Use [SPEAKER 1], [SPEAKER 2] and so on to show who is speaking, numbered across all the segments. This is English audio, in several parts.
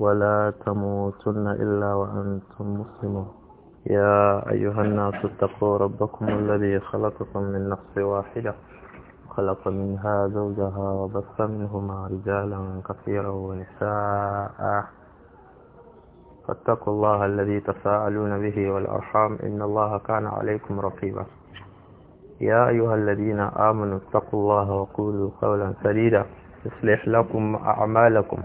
[SPEAKER 1] ولا تموتن إلا وأنتم مسلمون يا أيها الناس اتقوا ربكم الذي خلقكم من نفس واحدة خلق منها زوجها وبث منهما رجالا كثيرا ونساء فاتقوا الله الذي تساءلون به والأرحام إن الله كان عليكم رقيبا يا أيها الذين آمنوا اتقوا الله وقولوا قولا سديدا يصلح لكم أعمالكم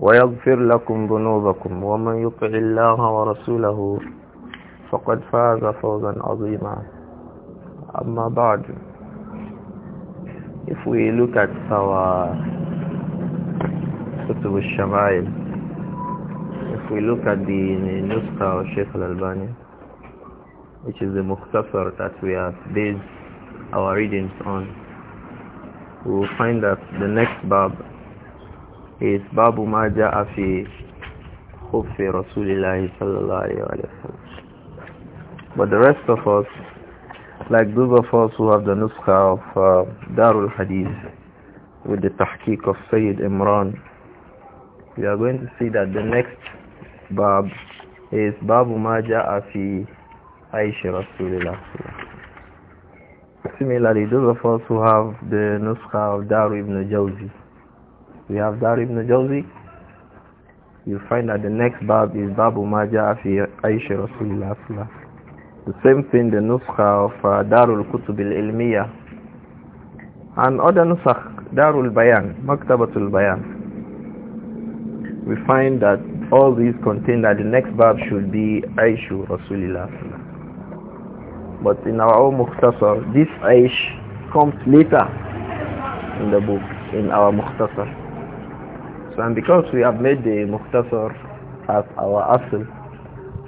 [SPEAKER 1] ويغفر لكم ذنوبكم ومن يطع الله ورسوله فقد فاز فوزا عظيما أما بعد if we look at our كتب الشمائل if we look at the نسخة الشيخ الألباني which is the مختصر that we have based our readings on we will find that the next bab is Babu Maja Afi Hufi Rasulillah sallallahu alayhi wa But the rest of us, like those of us who have the Nuskha of uh, Darul Hadith with the Tahqiq of Sayyid Imran, we are going to see that the next Bab is Babu Maja Afi Aisha Rasulillah Similarly, those of us who have the Nuskha of Daru ibn Jawzi, we have Dar ibn Jawzi. You find that the next bab is Babu Maja fi Aisha Rasulullah The same thing the Nuskha of uh, Darul Kutub al-Ilmiya. And other Nusakh, Darul Bayan, Maktabatul Bayan. We find that all these contain that the next bab should be Aishu Rasulullah But in our own Mukhtasar, this Aish comes later in the book in our Mukhtasar. And because we have made the Muqtasar as our asset,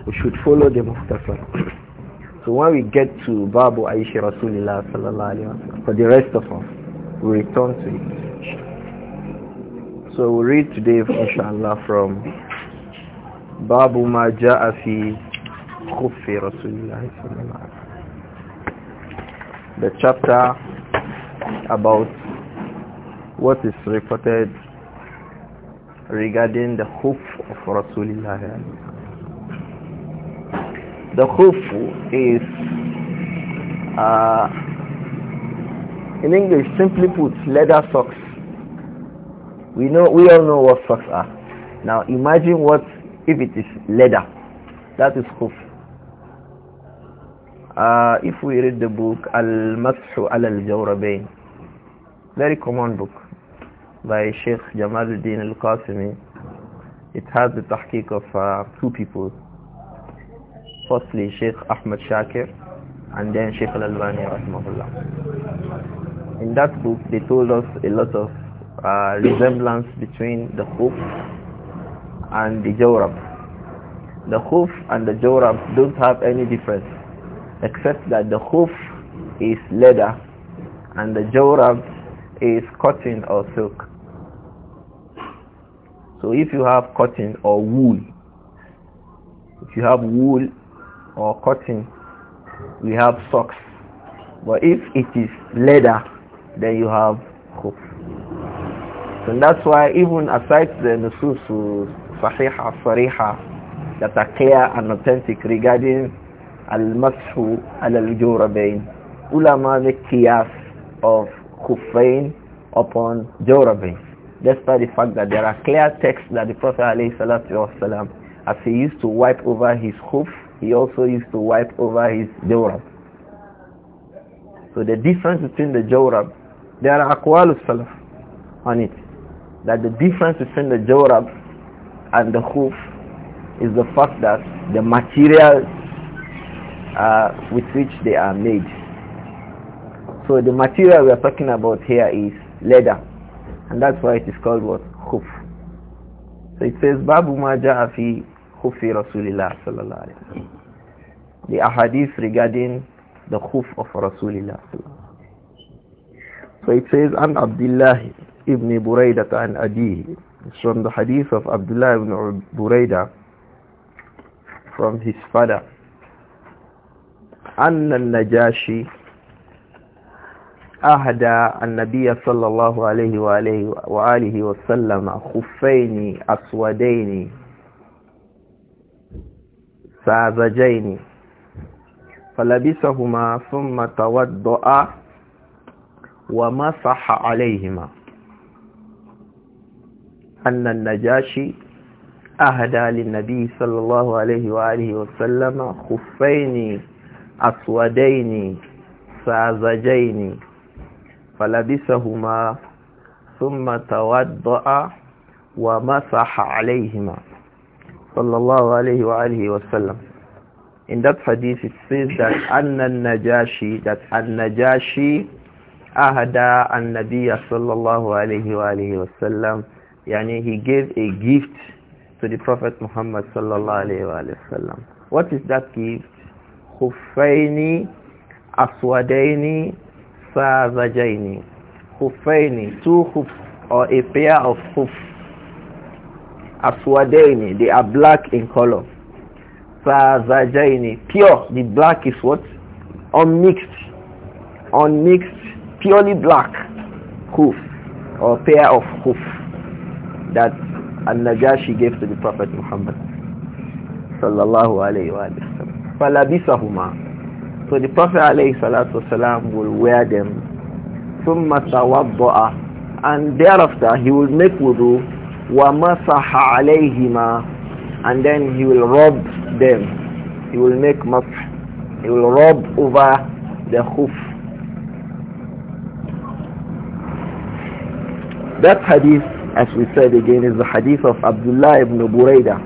[SPEAKER 1] we should follow the Muqtasar. so when we get to Babu Aisha Rasulullah sallallahu alayhi wa for the rest of us, we return to it. So we read today, inshallah, from Babu Ma Ja'a Fi Khuffi Rasulullah sallallahu alayhi wa the chapter about what is reported regarding the khuf of Rasulullah. The khuf is, uh, in English, simply put, leather socks. We know, we all know what socks are. Now imagine what if it is leather. That is khuf. Uh, if we read the book al Masu' al-Jawrabayn, very common book by Sheikh Jamaluddin al-Qasimi. It has the tahqiq of uh, two people. Firstly, Sheikh Ahmad Shakir and then Sheikh Al-Albani rahimahullah. In that book, they told us a lot of uh, resemblance between the khuf and the jawrab. The khuf and the jawrab don't have any difference except that the khuf is leather and the jawrab is cotton or silk. So if you have cotton or wool, if you have wool or cotton, we have socks. But if it is leather, then you have hope. So that's why even aside the nusus sahiha, sariha, that are clear and authentic regarding al-mashu al-jurabain, ulama make qiyas of kufain upon jurabain despite the fact that there are clear texts that the Prophet والسلام, as he used to wipe over his hoof, he also used to wipe over his jawrab. So the difference between the jawrab, there are aqwal salaf on it, that the difference between the jawrab and the hoof is the fact that the material uh, with which they are made. So the material we are talking about here is leather and that's why it is called what? Khuf. So it says, Babu ma ja'a fi khufi Rasulillah sallallahu alayhi wa sallam. The ahadith regarding the khuf of Rasulillah So it says, An Abdullah ibn Buraidah an adi It's from the hadith of Abdullah ibn Buraidah from his father. أن النجاشي أهدى النبي صلى الله عليه وآله, وآله وسلم خفين أسودين ساذجين فلبسهما ثم توضأ ومسح عليهما أن النجاشي أهدى للنبي صلى الله عليه وآله وسلم خفين أسودين ساذجين فلبسهما ثم توضأ ومسح عليهما صلى الله عليه وآله وسلم in that hadith it says that anna najashi that an-najashi ahada an-nabiy sallallahu alayhi wa alihi yani he gave a gift to the prophet muhammad sallallahu alayhi wa sallam what is that gift khuffaini aswadaini Sazajaini. Hufaini, two hoof or a pair of hoof. Aswadaini, they are black in color. Sazajaini, pure, the black is what? Unmixed, unmixed, purely black hoof or pair of hoof that An-Najashi gave to the Prophet Muhammad sallallahu alayhi wa sallam. فَلَبِسَهُمَا so the Prophet والسلام, will wear them. from تَوَضَّعَ And thereafter he will make wudu wa وَمَسَحَ عَلَيْهِمَا And then he will rub them. He will make masah. He will rub over the hoof. That hadith, as we said again, is the hadith of Abdullah ibn Buraidah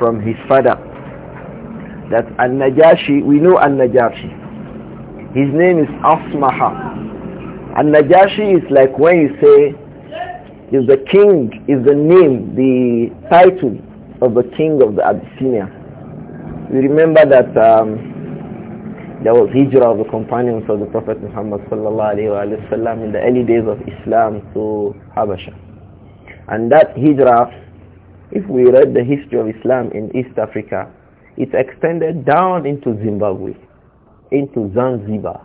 [SPEAKER 1] from his father that An-Najashi, we know An-Najashi. His name is Asmaha. An-Najashi is like when you say, is the king, is the name, the title of the king of the Abyssinia. You remember that um, there was hijrah of the companions of the Prophet Muhammad sallallahu alaihi wasallam in the early days of Islam to Habasha. And that hijrah, if we read the history of Islam in East Africa, it extended down into Zimbabwe, into Zanzibar.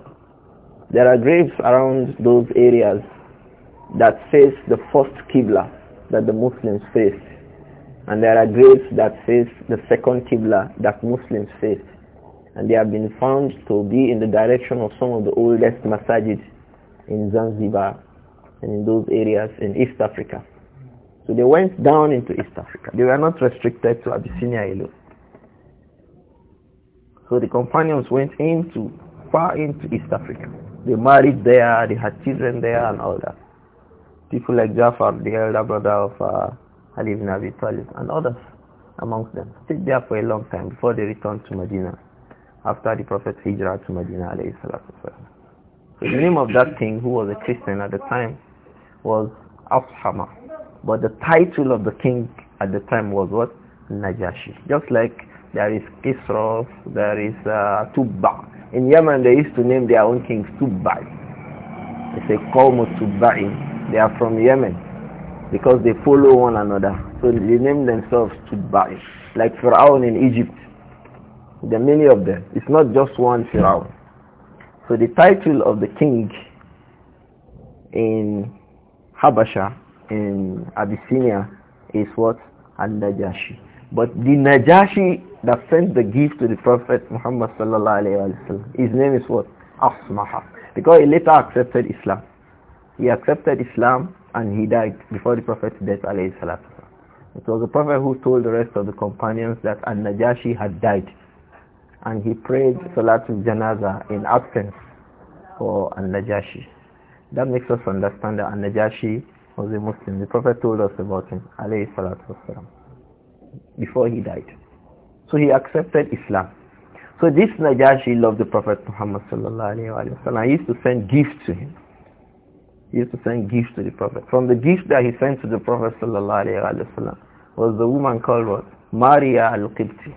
[SPEAKER 1] There are graves around those areas that face the first Qibla that the Muslims face. And there are graves that face the second Qibla that Muslims face. And they have been found to be in the direction of some of the oldest masajids in Zanzibar and in those areas in East Africa. So they went down into East Africa. They were not restricted to Abyssinia alone. So the companions went into, far into East Africa. They married there, they had children there and all that. People like Jafar, the elder brother of uh, Ali ibn Abi Talib and others amongst them stayed there for a long time before they returned to Medina after the Prophet hijrah to Medina alayhi so
[SPEAKER 2] the name of that
[SPEAKER 1] king who was a Christian at the time was Afhama. But the title of the king at the time was what? Najashi. Just like there is Kisra, there is uh, Tubba. In Yemen they used to name their own kings Tubba. They say Qawm Tubba'i. They are from Yemen because they follow one another. So they name themselves Tubba'i. Like Pharaoh in Egypt. There are many of them. It's not just one Pharaoh. So the title of the king in Habasha, in Abyssinia, is what? Al-Najashi. But the Najashi that sent the gift to the Prophet Muhammad sallallahu alayhi wa sallam. His name is what? Asmaha. Because he later accepted Islam. He accepted Islam and he died before the Prophet's death alayhi salatu. It was the Prophet who told the rest of the companions that An-Najashi had died. And he prayed Salatul Janaza in absence for An-Najashi. That makes us understand that An-Najashi was a Muslim. The Prophet told us about him, alayhi salatu wasalam, before he died. So he accepted Islam. So this Najashi loved the Prophet Muhammad sallallahu alayhi wa He used to send gifts to him. He used to send gifts to the Prophet. From the gift that he sent to the Prophet sallallahu alayhi wa was the woman called what? Maria al-Qibti.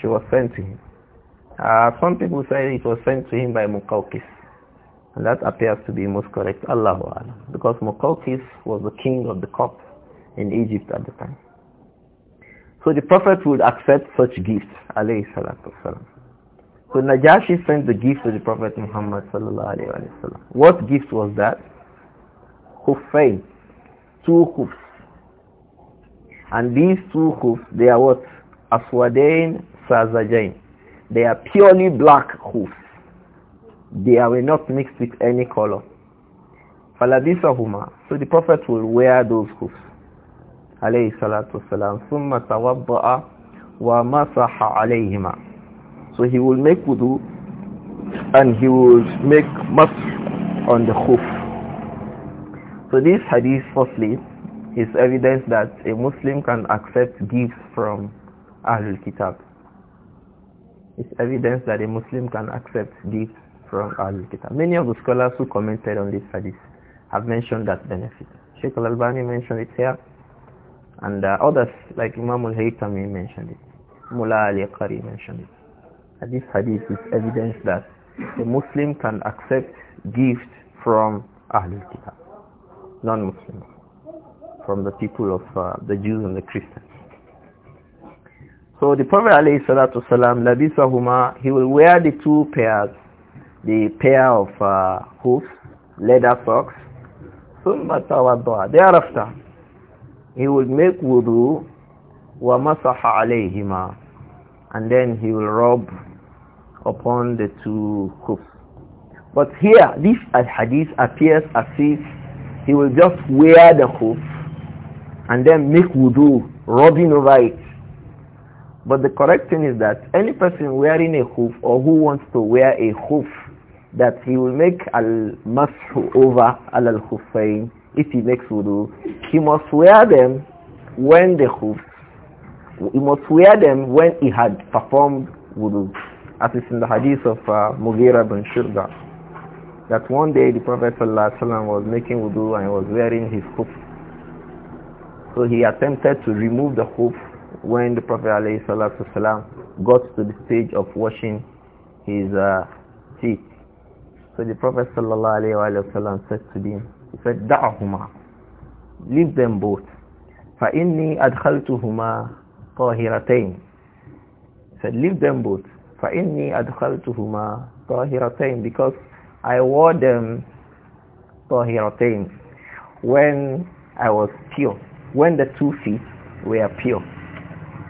[SPEAKER 1] She was sent to him. Uh, some people say it was sent to him by Muqawqis. And that appears to be most correct, Allahu Alam. Because Muqawqis was the king of the Copts in Egypt at the time. So the Prophet would accept such gifts, alayhi salatu wasalam. So Najashi sent the gift to the Prophet Muhammad sallallahu alayhi wa sallam. What gift was that? Khuffain. Two hoofs. And these two hoofs, they are what? Aswadain, Sazajain. They are purely black hoofs. They are not mixed with any color. Falabisahuma. So the Prophet will wear those hoofs alayhi salatu wasalam, ثُمَّ تَوَضَّأَ وَمَسَحَ عَلَيْهِمَا So he will make wudu and he will make mask on the hoof. So this hadith firstly is evidence that a Muslim can accept gifts from Ahlul Kitab. It's evidence that a Muslim can accept gifts from Ahlul Kitab. Many of the scholars who commented on this hadith have mentioned that benefit. Sheikh Al-Albani mentioned it here. And uh, others like Imam al-Haytami mentioned it. Mullah Ali Qari mentioned it. And this hadith is evidence that a Muslim can accept gifts from Ahlul Kitab, non-Muslims, from the people of uh, the Jews and the Christians. So the Prophet ﷺ, labisahuma, he will wear the two pairs, the pair of uh, hoofs, leather socks, summa tawadduha, thereafter he would make wudu wa masaha alayhima and then he will rub upon the two hoofs. But here, this hadith appears as if he will just wear the hoof and then make wudu, rubbing over it. But the correct thing is that any person wearing a hoof or who wants to wear a hoof, that he will make al-mashu over al-hufayn if he makes wudu, he must wear them when the hoofs, he must wear them when he had performed wudu, as is in the hadith of uh, Mughira bin Shurda. That one day the Prophet ﷺ was making wudu and was wearing his hoof. So he attempted to remove the hoof when the Prophet ﷺ got to the stage of washing his uh, teeth. So the Prophet ﷺ said to him, he said, Leave them both. فإني أدخلتهما طاهرتين He said, leave them both. فإني أدخلتهما طاهرتين Because I wore them طاهرتين When I was pure. When the two feet were pure.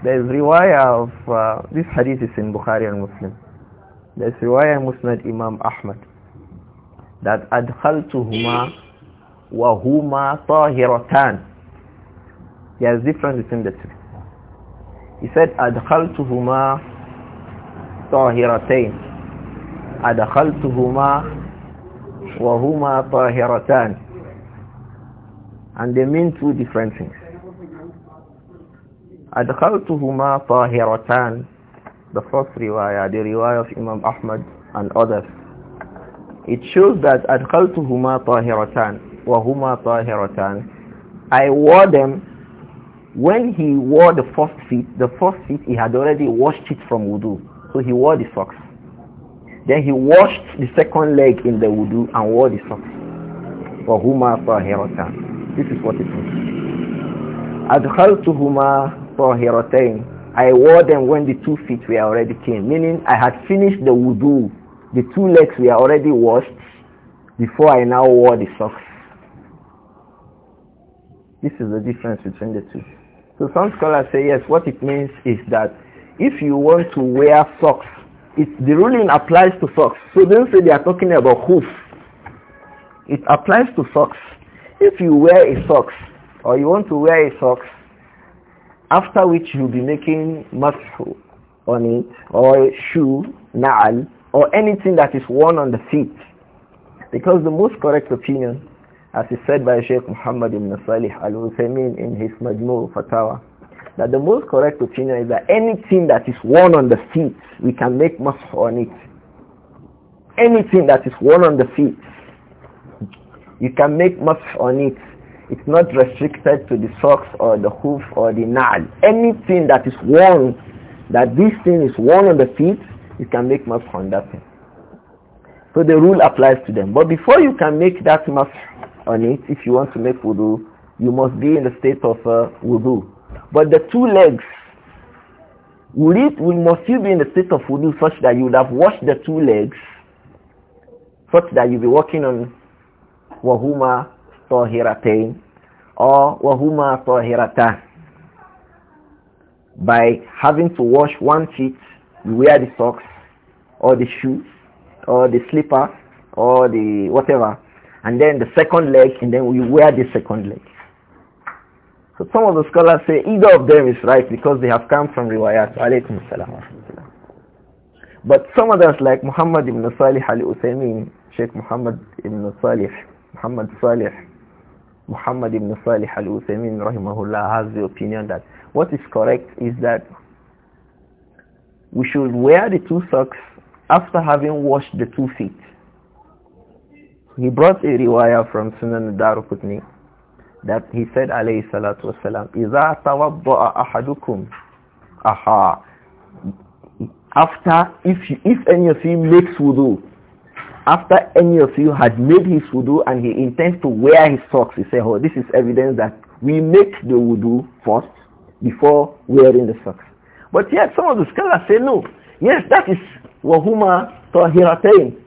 [SPEAKER 1] There is riwayah of, uh, this hadith is in Bukhari and Muslim. There is riwayah Musnad Imam Ahmad that أدخلتهما وَهُمَا طَاهِرَتَانِ There is difference between the two. He said, أَدْخَلْتُهُمَا طَاهِرَتَيْنِ أَدْخَلْتُهُمَا وَهُمَا طَاهِرَتَانِ And they mean two different things. أَدْخَلْتُهُمَا طَاهِرَتَانِ The first riwayah, the riwayah of Imam Ahmad and others. It shows that أَدْخَلْتُهُمَا طَاهِرَتَانِ وَهُمَا طَاهِرَتَانِ I wore them when he wore the first feet, the first feet he had already washed it from wudu. So he wore the socks. Then he washed the second leg in the wudu and wore the socks. وَهُمَا Herotan, This is what it means. أَدْخَلْتُهُمَا طَاهِرَتَيْنِ I wore them when the two feet were already clean, meaning I had finished the wudu. The two legs were already washed before I now wore the socks. This is the difference between the two. So some scholars say, yes, what it means is that if you want to wear socks, it, the ruling applies to socks. So don't say they are talking about hoof. It applies to socks. If you wear a socks, or you want to wear a socks, after which you'll be making mashu on it, or shoe, na'al, or anything that is worn on the feet. Because the most correct opinion as is said by Sheikh Muhammad ibn Salih al-Husaymin in his Majmu' Fatawa, that the most correct opinion is that anything that is worn on the feet, we can make masah on it. Anything that is worn on the feet, you can make masah on it. It's not restricted to the socks or the hoof or the nail. Anything that is worn, that this thing is worn on the feet, you can make masah on that thing. So the rule applies to them. But before you can make that masah, on it if you want to make wudu you must be in the state of uh, wudu but the two legs will it will must you be in the state of wudu such that you would have washed the two legs such that you'll be walking on wahuma tahiratain or wahuma tahiratan by having to wash one feet you wear the socks or the shoes or the slipper or the whatever and then the second leg, and then we wear the second leg. So some of the scholars say either of them is right because they have come from riwayat. Alaykum salam. But some others like Muhammad ibn Salih al-Uthaymeen, Sheikh Muhammad ibn Salih, Muhammad Salih, Muhammad ibn Salih al-Uthaymeen rahimahullah has the opinion that what is correct is that we should wear the two socks after having washed the two feet he brought a riwayah from Sunan Darukutni that he said alayhi salatu wasalam, إِذَا تَوَضَّأَ أَحَدُكُمْ Aha. After, if, you, if any of you makes wudu, after any of you had made his wudu and he intends to wear his socks, he said, oh, this is evidence that we make the wudu first before wearing the socks. But yet some of the scholars say no. Yes, that is wahuma tahiratain.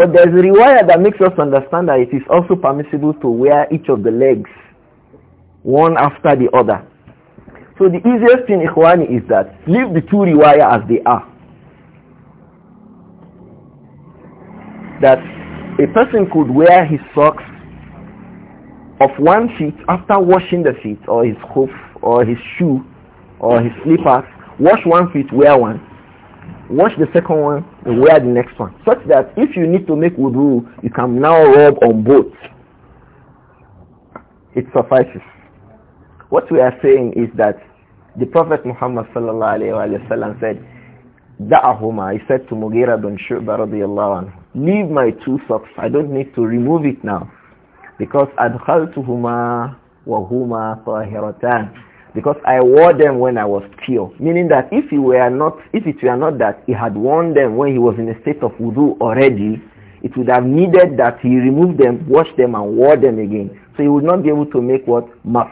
[SPEAKER 1] But there is a rewire that makes us understand that it is also permissible to wear each of the legs, one after the other. So the easiest thing, Ikhwani, is that leave the two rewire as they are. That a person could wear his socks of one feet after washing the feet or his hoof or his shoe or his slippers, wash one feet, wear one wash the second one and wear the next one such that if you need to make wudu you can now rub on both it suffices what we are saying is that the prophet muhammad sallallahu alaihi wasallam said da'ahuma he said to mughira bin shu'ba radiyallahu anhu leave my two socks i don't need to remove it now because adkhaltuhuma wa huma tahiratan because I wore them when I was pure. Meaning that if it were not, if it were not that he had worn them when he was in a state of wudu already, it would have needed that he remove them, wash them, and wore them again. So he would not be able to make what maf.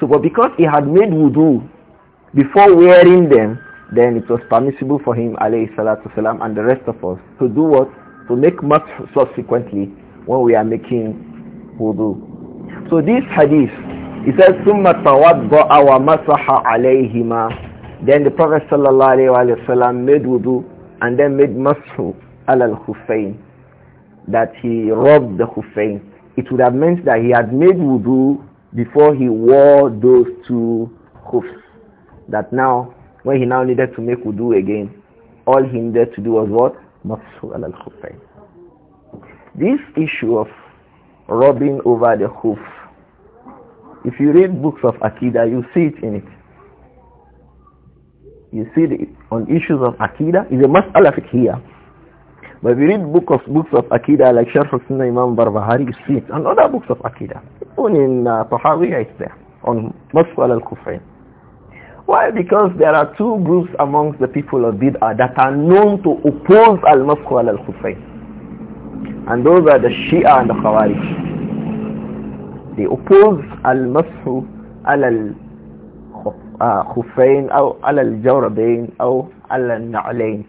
[SPEAKER 1] So, but because he had made wudu before wearing them, then it was permissible for him, alayhi salatu salam, and the rest of us to do what? To make maf subsequently when we are making wudu. So this hadith he says, ثُمَّ تَوَضَّعَ وَمَسَحَ عَلَيْهِمَا Then the Prophet ﷺ made wudu and then made mashu ala al-khuffain. That he rubbed the khuffain. It would have meant that he had made wudu before he wore those two hoofs. That now, when he now needed to make wudu again, all he needed to do was what? Mashu ala al-khuffain. This issue of rubbing over the hoof if you read books of Akida, you see it in it. You see it on issues of Akida. It's a mas'ala here. But if you read book of, books of Akida like Sharh al-Sunnah Imam Barbahari, you see it. And other books of Akida. Even in uh, Tahawiyah it's there. On Mas'al al-Kufrayn. Why? Because there are two groups amongst the people of Bid'ah that are known to oppose al-Mas'al al-Kufrayn. And those are the Shia and the Khawarij. they oppose المسح على الخفين أو على الجوربين أو على النعلين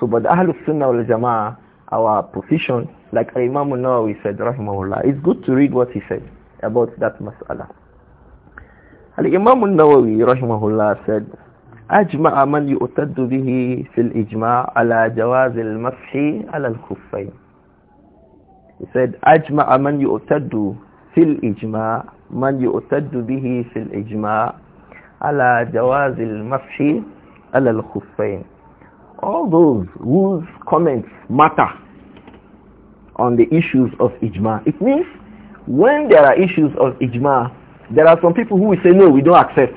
[SPEAKER 1] so but أهل السنة والجماعة our position like Imam Nawawi said rahimahullah it's good to read what he said about that mas'ala الإمام النووي رحمه الله said أجمع من يؤتد به في الإجماع على جواز المسح على الخفين he said أجمع من يؤتد في الإجماع من يؤتد به في الإجماع على جواز المسح على الخفين all those whose comments matter on the issues of ijma it means when there are issues of ijma there are some people who will say no we don't accept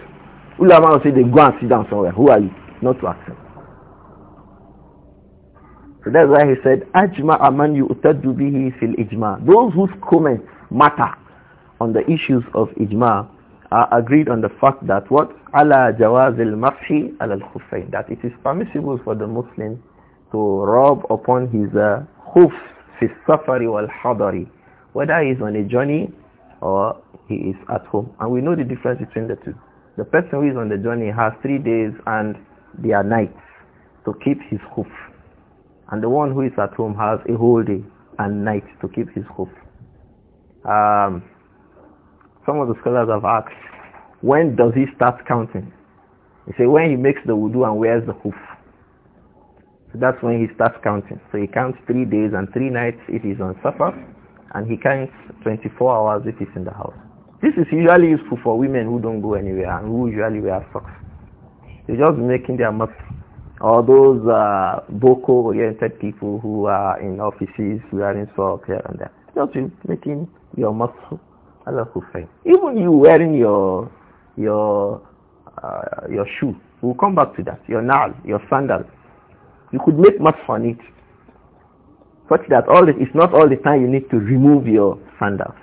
[SPEAKER 1] ulama will say they go and sit down somewhere who are you not to accept so that's why he said ajma aman yu'taddu bihi fil ijma those whose comments matter on the issues of ijma are agreed on the fact that what ala jawaz al mafhi al khuffain that it is permissible for the muslim to rub upon his uh, khuf fi safari wal hadari whether he is on a journey or he is at home and we know the difference between the two the person who is on the journey has three days and their nights to keep his hoof. And the one who is at home has a whole day and night to keep his hoof. Um, some of the scholars have asked, when does he start counting? He say when he makes the wudu and wears the hoof. So that's when he starts counting. So he counts three days and three nights if he's on supper, and he counts 24 hours if he's in the house. This is usually useful for women who don't go anywhere and who usually wear socks. They're just making their mouth. Or those uh, boko-oriented people who are in offices wearing socks here and there. Just making your muscle Allah Hussein. Even you wearing your your uh, your shoe, we'll come back to that. Your nail, your sandal, you could make much on it, such that all the, it's not all the time you need to remove your sandals,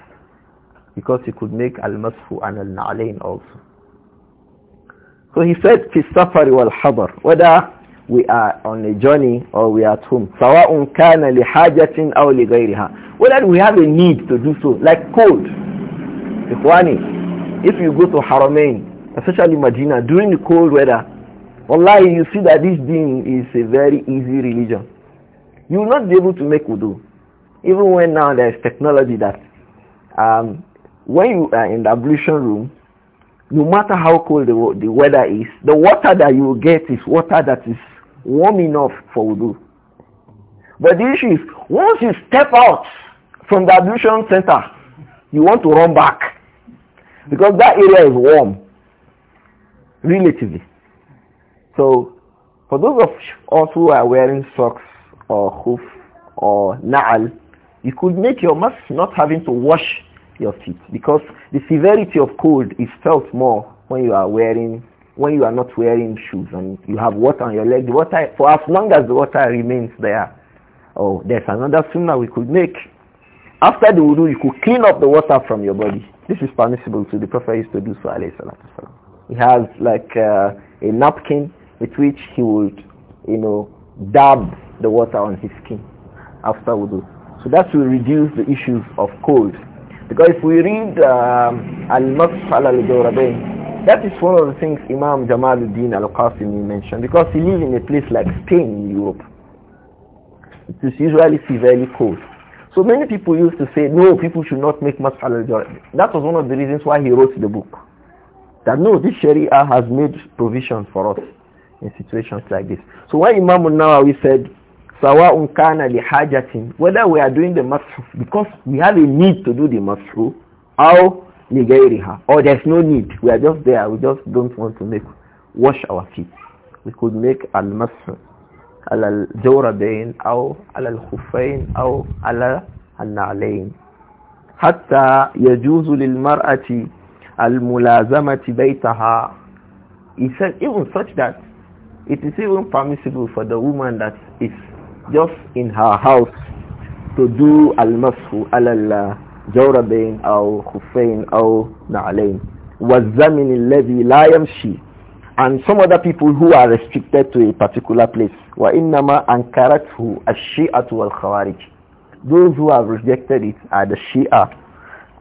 [SPEAKER 1] because you could make al masfu and al nalain also. So he said, "Fi safari wal hadar," whether we are on a journey or we are at home. سواء كان لحاجة أو لغيرها. Whether we have a need to do so, like cold. Ikhwani, if you go to Haramain, especially Medina, during the cold weather, Allah, you see that this deen is a very easy religion. You will not be able to make wudu. Even when now there is technology that um, when you are in the ablution room, no matter how cold the, the weather is, the water that you get is water that is warm enough for wudu. But the issue is, once you step out from the ablution center, you want to run back. Because that area is warm, relatively. So, for those of us who are wearing socks or hoof or na'al, you could make your mask not having to wash your feet because the severity of cold is felt more when you are wearing when you are not wearing shoes and you have water on your leg the water for as long as the water remains there oh there's another sunnah we could make after the wudu you could clean up the water from your body this is permissible to the Prophet used to do so, He has like uh, a napkin with which he would, you know, dab the water on his skin after wudu. So that will reduce the issues of cold. Because if we read Al-Masf um, al-Jawrabain, is one of the things Imam Jamaluddin al-Qasimi mentioned because he lives in a place like Spain in Europe. It is usually severely cold. So many people used to say, no, people should not make mas'al al That was one of the reasons why he wrote the book. That no, this sharia has made provision for us in situations like this. So why Imam al-Nawawi said, unkana kana lihajatin, whether we are doing the mas'hu because we have a need to do the mas'hu, or ligairiha, or there's no need, we are just there, we just don't want to make, wash our feet. We could make al-mas'hu على الجوربين أو على الخفين أو على النعلين حتى يجوز للمرأة الملازمة بيتها He said even such that it is even permissible for the woman that is just in her house to do al-masfu ala al-jawrabain aw khuffain aw na'alain al-zamin alladhi la yamshi and some other people who are restricted to a particular place. وَإِنَّمَا أَنْكَرَتْهُ الشِّيَةُ وَالْخَوَارِجِ Those who have rejected it are the Shia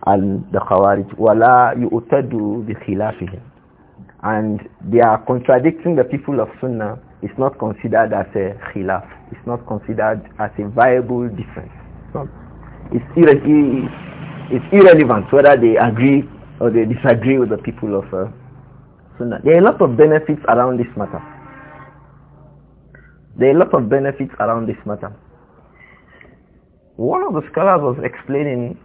[SPEAKER 1] and the Khawarij. وَلَا يُؤْتَدُوا بِخِلَافِهِمْ And they are contradicting the people of Sunnah. It's not considered as a khilaf. It's not considered as a viable difference. It's, irre it's irrelevant whether they agree or they disagree with the people of uh, sunnah. There are a lot of benefits around this matter. There are a lot of benefits around this matter. One of the scholars was explaining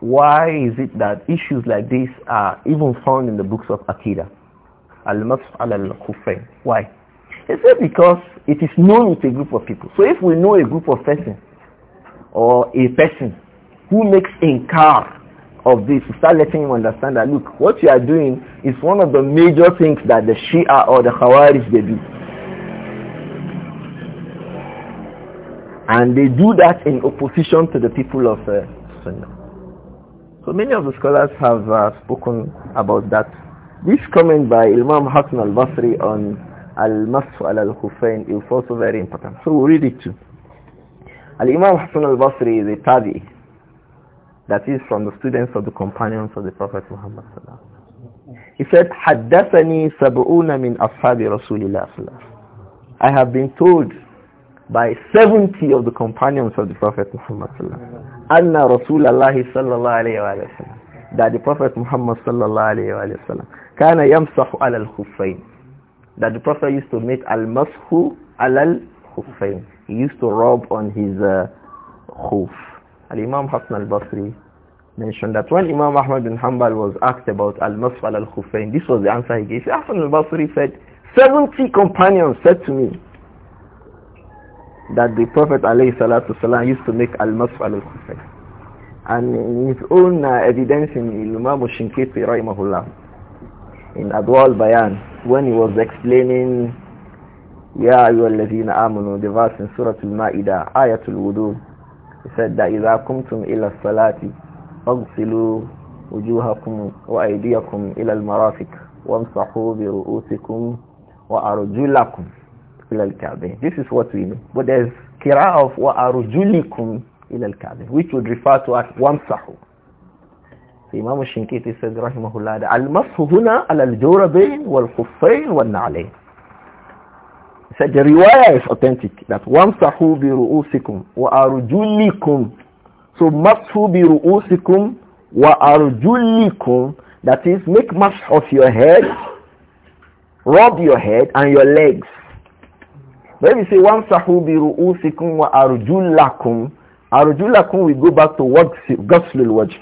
[SPEAKER 1] why is it that issues like this are even found in the books of Akira. al al Why? He said because it is known with a group of people. So if we know a group of persons or a person who makes inkar of this, start letting him understand that, look, what you are doing is one of the major things that the Shia or the Khawaris they do. And they do that in opposition to the people of uh, Sunnah. So many of the scholars have uh, spoken about that. This comment by Imam Hassan al-Basri on Al-Masu al-Hufayn is also very important. So we we'll read it too. Al-Imam Hassan al-Basri is a tabi'i that is from the students of the companions of the Prophet Muhammad sallallahu he said, "Hadassani sab'una min ashabi Rasulillah I have been told by 70 of the companions of the Prophet Muhammad sallallahu Anna Rasulallah sallallahu that the Prophet Muhammad sallallahu alayhi wa sallam kana yamsahu ala al-khuffayn that the Prophet used to make al-mashu ala al-khuffayn he used to rub on his hoof. Uh, Al-Imam Hassan al-Basri mentioned that when Imam Ahmad bin Hanbal was asked about Al-Masfal al-Khufayn, this was the answer he gave. Hassan al-Basri said, 70 companions said to me that the Prophet ﷺ used to make Al-Masfal al-Khufayn. And in his own uh, evidence in Imam Shinkiti rahimahullah, in Adwal Bayan, when he was explaining Ya ayyuhalladhina amanu, the verse in Surah Al-Ma'idah, Ayatul Wudu, said that إذا كنتم إلى الصلاة فاغسلوا وجوهكم وأيديكم إلى المرافق وانصحوا برؤوسكم وأرجلكم إلى الكعبين. This is what we mean. But there's كراء of وأرجلكم إلى الكعبين which would refer to as وانصحوا الإمام الشنكيتي said رحمه الله المصح هنا على الجوربين والخفين والنعلين. said the riwayah is authentic that wamsahu bi ru'usikum wa arjulikum so mashu bi ru'usikum wa arjulikum that is make mash of your head rub your head and your legs when we say wamsahu bi ru'usikum wa arjulakum arjulakum we go back to what ghuslul wajh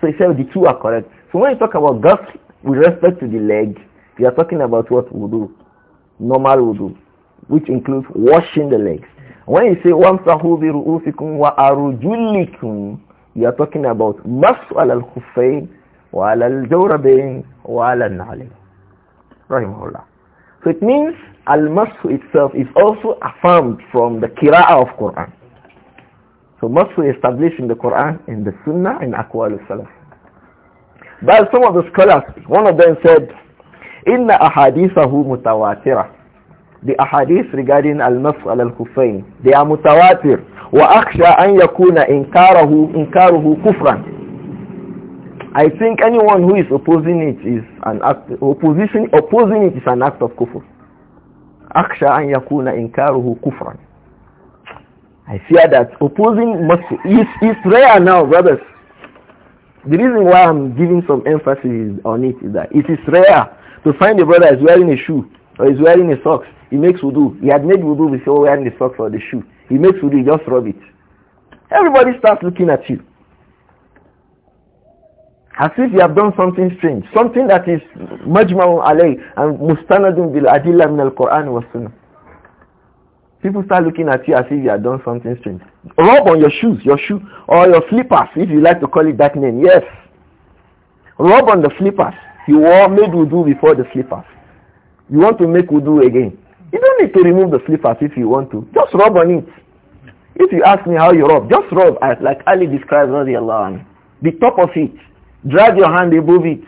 [SPEAKER 1] so he said the two are correct so when you talk about ghusl with respect to the leg you are talking about what wudu normal wudu, which includes washing the legs. When you say wamsahu bi ru'usikum wa arjulikum, you are talking about masu al khuffayn wa al jawrabayn wa al na'layn. Rahimahullah. So it means al-masu itself is also affirmed from the qira'ah of Quran. So masu established in the Quran, in the Sunnah, in Aqwal al-Salaf. But some of the scholars, one of them said, Inna أحاديثه متواترة The ahadith regarding al-nas al-kufayn they are mutawatir Wa وأخشى أن يكون إنكاره إنكاره kufran I think anyone who is opposing it is an act opposition opposing it is an act of kufr أخشى أن يكون إنكاره كفرا I fear that opposing must is is rare now brothers the reason why I'm giving some emphasis on it is that it is rare to find a brother is wearing a shoe or is wearing a socks, he makes wudu. He had made wudu before wearing the socks or the shoe. He makes wudu, he just rub it. Everybody starts looking at you. As if you have done something strange, something that is majmal alay and mustanadun bil adilla min al-Qur'an wa sunnah. People start looking at you as if you have done something strange. Rub on your shoes, your shoe, or your slippers if you like to call it that name. Yes. Rub on the slippers. You wore made wudu before the slippers. You want to make wudu again. You don't need to remove the slippers if you want to. Just rub on it. If you ask me how you rub, just rub as like Ali describes on The top of it. Drag your hand above it.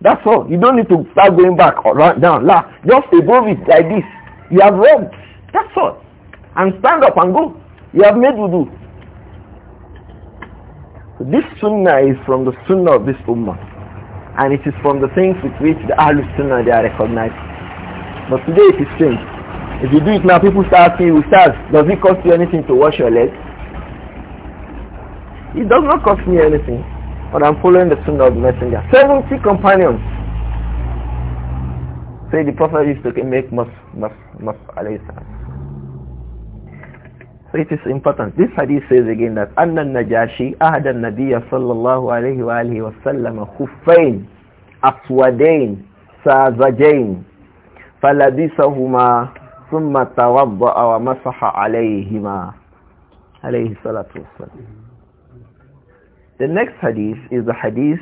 [SPEAKER 1] That's all. You don't need to start going back or right down. La, just above it like this. You have rubbed. That's all. And stand up and go. You have made wudu. So this sunnah is from the sunnah of this ummah. And it is from the things with which the Ahlul Sunnah they are recognized. But today it is strange. If you do it now, people start asking Ustaz, does it cost you anything to wash your legs? It does not cost me anything. But I'm following the Sunnah of the Messenger. 70 companions. Say the Prophet used to make mas, mas, mas, alayhi salam it is important. This hadith says again that anna najashi ahada nabiyya sallallahu alayhi wa alihi wa sallam khuffain aswadain sazajain falabisahuma thumma tawadda'a wa masaha alayhima alayhi salatu wassalam. The next hadith is the hadith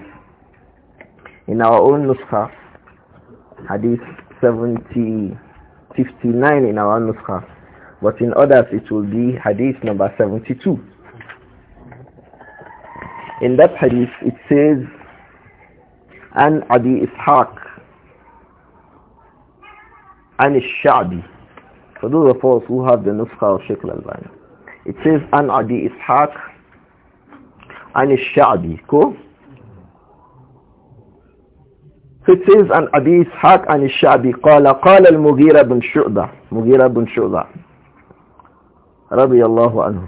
[SPEAKER 1] in our own nuskha hadith 70 59 in our nuskha but in others it will be hadith number 72. In that hadith it says, An Abi Ishaq, An Shabi. For those of us who have the Nusqa of Sheikh It says, An Abi Ishaq, An Shabi. Cool? It says an Abi Ishaq an Shabi قال قال المغيرة mughira bin Shu'ba Mughira bin رضي الله عنه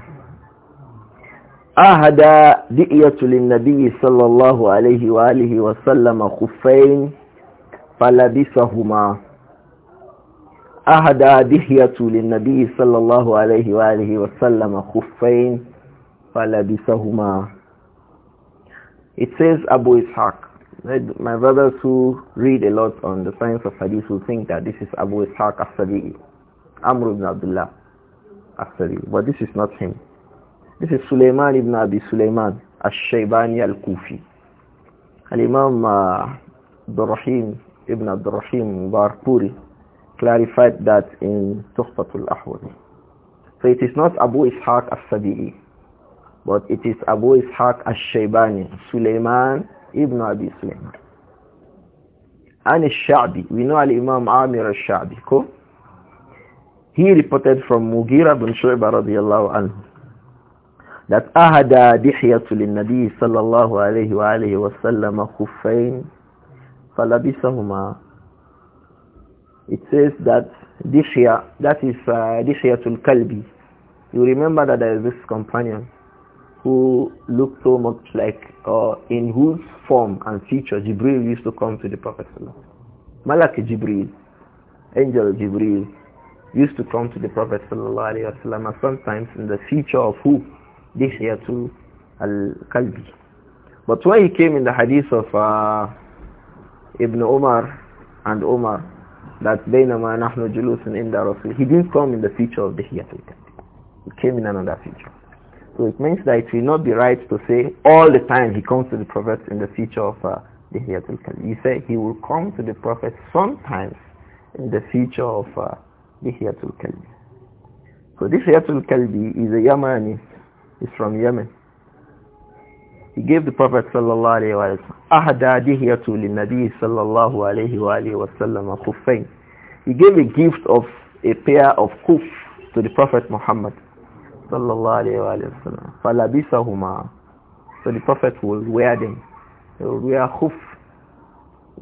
[SPEAKER 1] أهدى دئية للنبي صلى الله عليه وآله وسلم خفين فلبسهما أهدى دئية للنبي صلى الله عليه وآله وسلم خفين فلبسهما It says Abu Ishaq. My brothers who read a lot on the science of hadith will think that this is Abu Ishaq as-Sabi'i, Amr ibn Abdullah. actually, but this is not him. This is Sulaiman ibn Abi Sulaiman al-Shaybani al-Kufi. Al-Imam uh, ibn Abdul Rahim Barpuri clarified that in Tuhfatul Ahwal. So it is not Abu Ishaq al-Sabi'i, but it is Abu Ishaq al-Shaybani, Sulaiman ibn Abi Sulaiman. And al-Sha'bi, we know al-Imam Amir al-Sha'bi, cool? He reported from Mughira bin Shu'ba radiyallahu anhu that ahada dihyatu lin sallallahu alayhi wa alihi wa sallam khuffayn falabisahuma it says that dihya that is uh, dihyatul kalbi you remember that there is this companion who looked so much like uh, in whose form and feature Jibril used to come to the Prophet Malak Jibril angel Jibril used to come to the Prophet sometimes in the future of who? This year to Al-Kalbi. But when he came in the hadith of uh, Ibn Umar and Umar, that بينما نحن جلوس عند رسول he didn't come in the future of the Hiyatul He came in another future. So it means that it will not be right to say all the time he comes to the Prophet in the future of uh, the Hiyatul Kalbi. He said he will come to the Prophet sometimes in the future of uh, Lihyatul Kalbi. So this Lihyatul Kalbi is a Yemeni. He's from Yemen. He gave the Prophet sallallahu alayhi wa sallam ahda dihiyatu linabi sallallahu alayhi wa alayhi wa sallam khuffain. He gave a gift of a pair of kuf to the Prophet Muhammad sallallahu alayhi wa sallam. Falabisahuma. So the Prophet will wear them. He will wear kuf,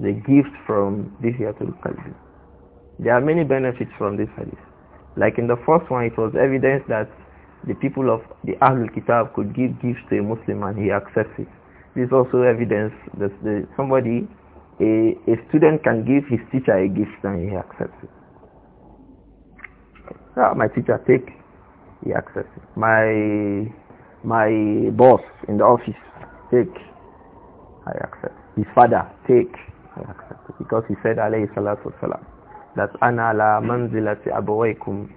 [SPEAKER 1] the gift from dihyatul qalbi. There are many benefits from this hadith. Like in the first one, it was evidence that the people of the Ahlul Kitab could give gifts to a Muslim and he accepts it. This also evidence that the, somebody, a, a student can give his teacher a gift and he accepts it. Ah, my teacher take, he accepts it. My, my boss in the office take, I accept. His father take, I accept. it Because he said, alayhi salatu wasalam that ana ala manzilati abawaykum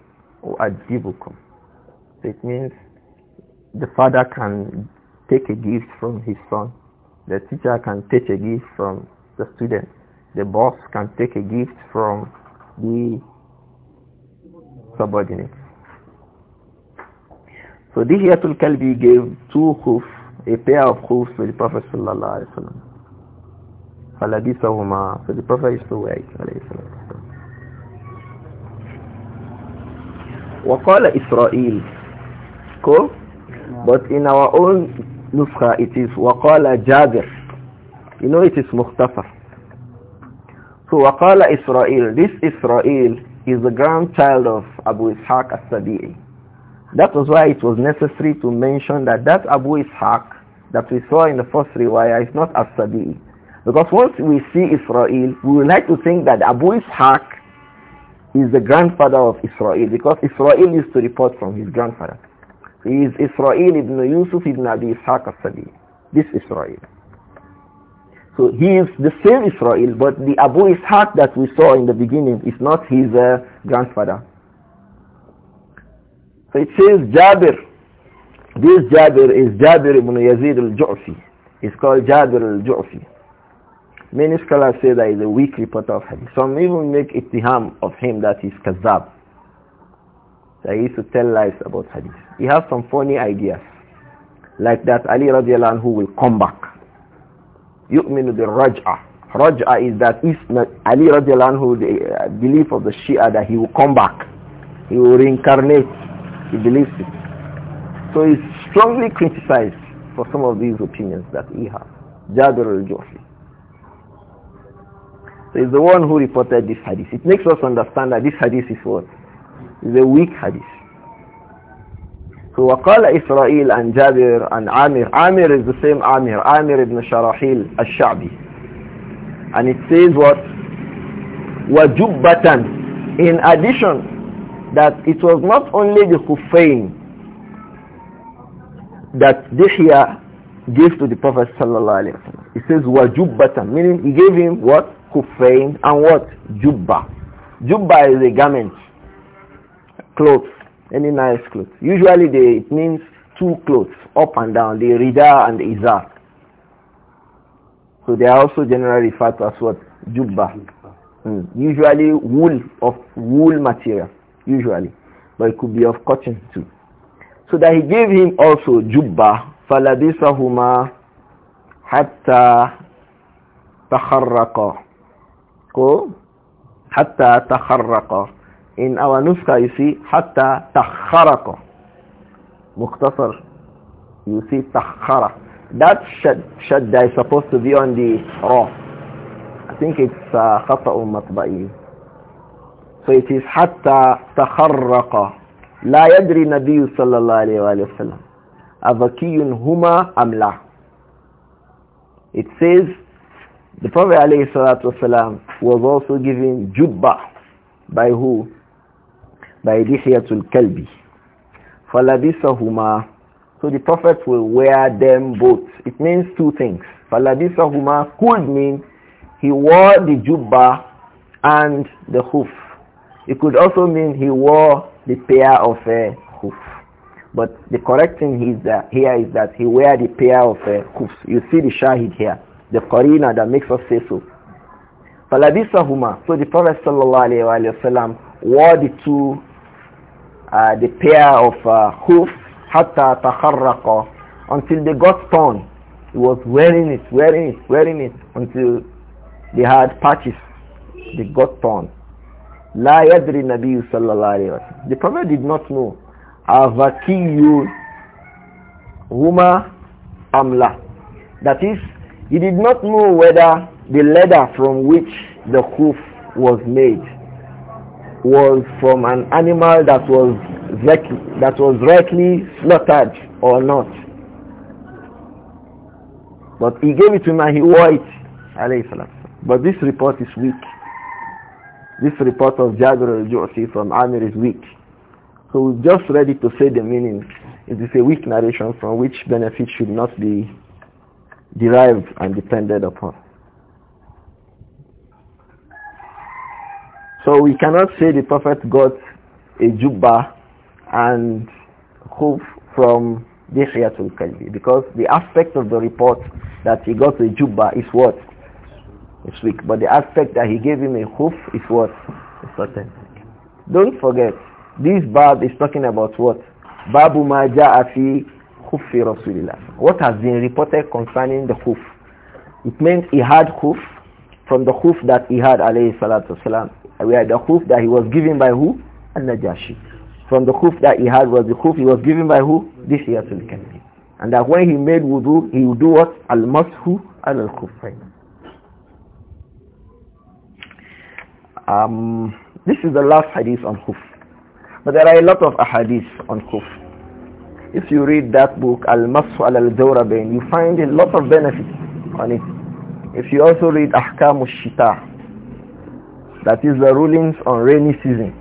[SPEAKER 1] u'adibukum. So it means the father can take a gift from his son. The teacher can take a gift from the student. The boss can take a gift from the subordinate. So this year Kalbi gave two hoof, a pair of hoofs for the Prophet sallallahu alaihi wasallam. so the Prophet used to wear it Wakala Israel, cool but in our own nuskha it is Wakala جابر you know it is مختصر so وقال إسرائيل this Israel is the grandchild of Abu Ishaq as that was why it was necessary to mention that that Abu Ishaq that we saw in the first riwayah is not as because once we see Israel we would like to think that Abu Ishaq is the grandfather of Israel because Israel used to report from his grandfather. So he is Israel ibn Yusuf ibn Abi Ishaq al This Israel. So he is the same Israel, but the Abu Ishaq that we saw in the beginning is not his uh, grandfather. So it says Jabir. This Jabir is Jabir ibn Yazid al-Ju'fi. It's called Jabir al-Ju'fi. Many scholars say that is a weak report of him. Some even make ittiham of him that he's kazab. That he used to tell lies about hadith. He has some funny ideas. Like that Ali radiallahu anhu will come back. يؤمن rajah? Raj'a is that if Ali radiallahu anhu, the uh, belief of the Shia that he will come back. He will reincarnate. He believes it. So he's strongly criticized for some of these opinions that he has. Jabir al so it's the one who reported this hadith. It makes us understand that this hadith is what? It's a weak hadith. So وقال إسرائيل عن جابر عن عامر عامر is the same عامر عامر ibn شراحيل الشعبي and it says what وجبة in addition that it was not only the Kufain that Dihya gave to the Prophet sallallahu alaihi wasallam. It says wajubbatan, meaning he gave him what? Kufain and what? Jubba. Jubba is a garment, clothes, any nice clothes. Usually they, it means two clothes, up and down, the rida and the izar. So they are also generally referred to as what? Jubba. Mm. Usually wool, of wool material, usually. But it could be of cotton too. So that he gave him also jubba, فَلَبِسَهُمَا حَتَّى تَخَرَّقَ ko hatta takharraqa in our nuskha you see hatta takharaqa muqtasar you see takhara that shad shadda is supposed to be on the ra i think it's uh, khata matba'i so it is hatta takharraqa لا يدري النبي صلى الله عليه وآله وسلم أذكي هما أم لا it says The Prophet ﷺ was also given jubba by who? By Rishiyatul Kalbi. Falabisahuma. So the Prophet will wear them both. It means two things. Falabisahuma could mean he wore the jubba and the hoof. It could also mean he wore the pair of a uh, hoof. But the correct thing is that here is that he wear the pair of a uh, hoof. You see the shahid here the qarina that makes us say so. Falabisahuma. So the Prophet sallallahu alaihi sallam wore the two, uh, the pair of uh, hoofs, hatta takharraqa, until they got torn. He was wearing it, wearing it, wearing it until they had patches. They got torn. La yadri Nabi sallallahu alaihi wasallam. The Prophet did not know. Avakiyu huma amla. That is, he did not know whether the leather from which the hoof was made was from an animal that was that was rightly slaughtered or not. But he gave it to him and he wore it. But this report is weak. This report of Jabir al from Amir is weak. So we just ready to say the meaning. It is a weak narration from which benefit should not be derived and depended upon. So we cannot say the Prophet got a jubba and hoof from Dihiyatul Kalbi because the aspect of the report that he got a jubba is what? It's weak. But the aspect that he gave him a hoof is what? It's certain. Don't forget, this bab is talking about what? Babu ma ja'a fi Khufi Rasulillah. What has been reported concerning the hoof? It meant he had hoof from the hoof that he had alayhi salatu wasalam. We had the hoof that he was given by who? Al-Najashi. From the hoof that he had was the hoof he was given by who? This year to the And that when he made wudu, he would do what? Al-Mashu al-Khufayn. Um, this is the last hadith on hoof. But there are a lot of ahadith on hoof. If you read that book, Al-Masu al-Jawrabain, you find a lot of benefits on it. If you also read Ahkam that is the rulings on rainy season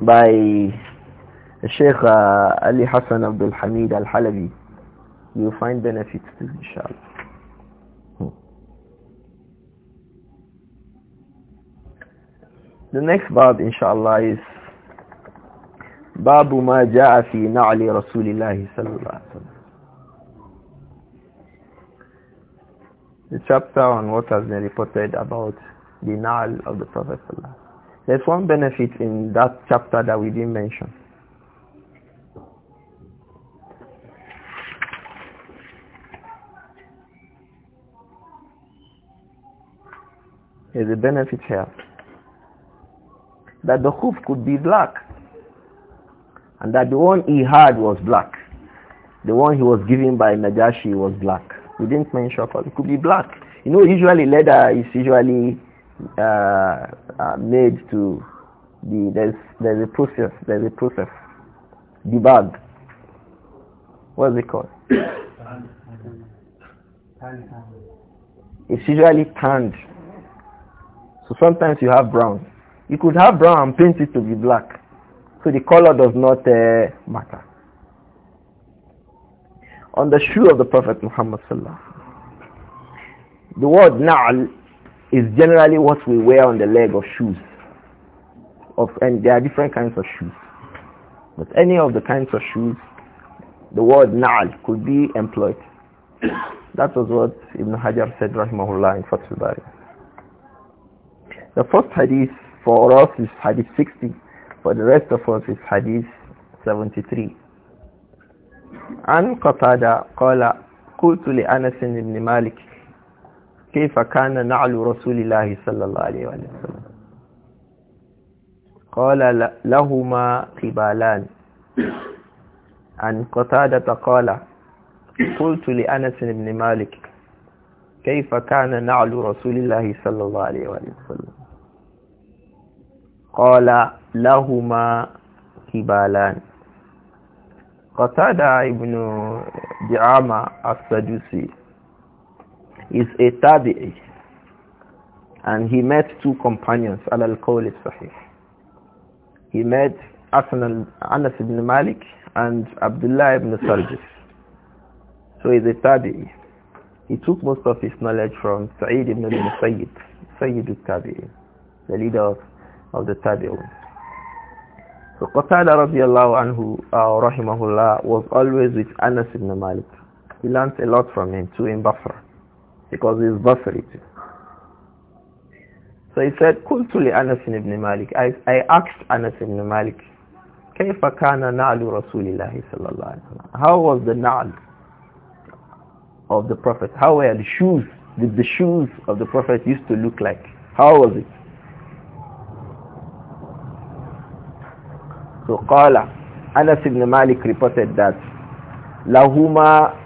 [SPEAKER 1] by Sheikh uh, Ali Hassan Abdul Hamid al-Halabi, you find benefits too, inshallah. Hmm. The next bab, inshallah, is the chapter on what has been reported about the na'al of the prophet there's one benefit in that chapter that we didn't mention There's a benefit here. That the hoof could be black and that the one he had was black. The one he was given by Najashi was black. We didn't mention color. It could be black. You know, usually leather is usually uh, uh, made to the there's there's a process there's a process. The bag. What's it called? it's usually tanned. So sometimes you have brown. You could have brown and paint it to be black. So the color does not uh, matter. On the shoe of the Prophet Muhammad sallallahu the word na'al is generally what we wear on the leg of shoes. Of, and there are different kinds of shoes. But any of the kinds of shoes, the word na'al could be employed. that was what Ibn Hajar said, rahimahullah, in Fathul Bari. The first hadith for us is hadith 60. For the rest of us, is Hadith 73. عن قتادة قال قلت لأنس بن مالك كيف كان نعل رسول الله صلى الله عليه وسلم قال لهما قبالان عن قتادة قال قلت لأنس بن مالك كيف كان نعل رسول الله صلى الله عليه وسلم قال lahuma kibalan Qatada ibn Di'ama as sadusi is a tabi'i and he met two companions al al-qawl sahih He met Asan Anas ibn Malik and Abdullah ibn Sarjis. So he's a tabi'i. He took most of his knowledge from Sa'id ibn al-Sayyid, Sayyid al-Tabi'i, the leader of of the Tabi'un. So Qatada radiallahu anhu, uh, rahimahullah, was always with Anas ibn Malik. He learnt a lot from him too in Basra, because he's is Basri too. So he said, قلت Anas ibn Malik. I, I asked Anas ibn Malik, كيف كان نعل رسول الله صلى الله عليه وسلم? How was the na'l of the Prophet? How were the shoes? Did the shoes of the Prophet used to look like? How was it? So qala Anas ibn Malik reported that lahuma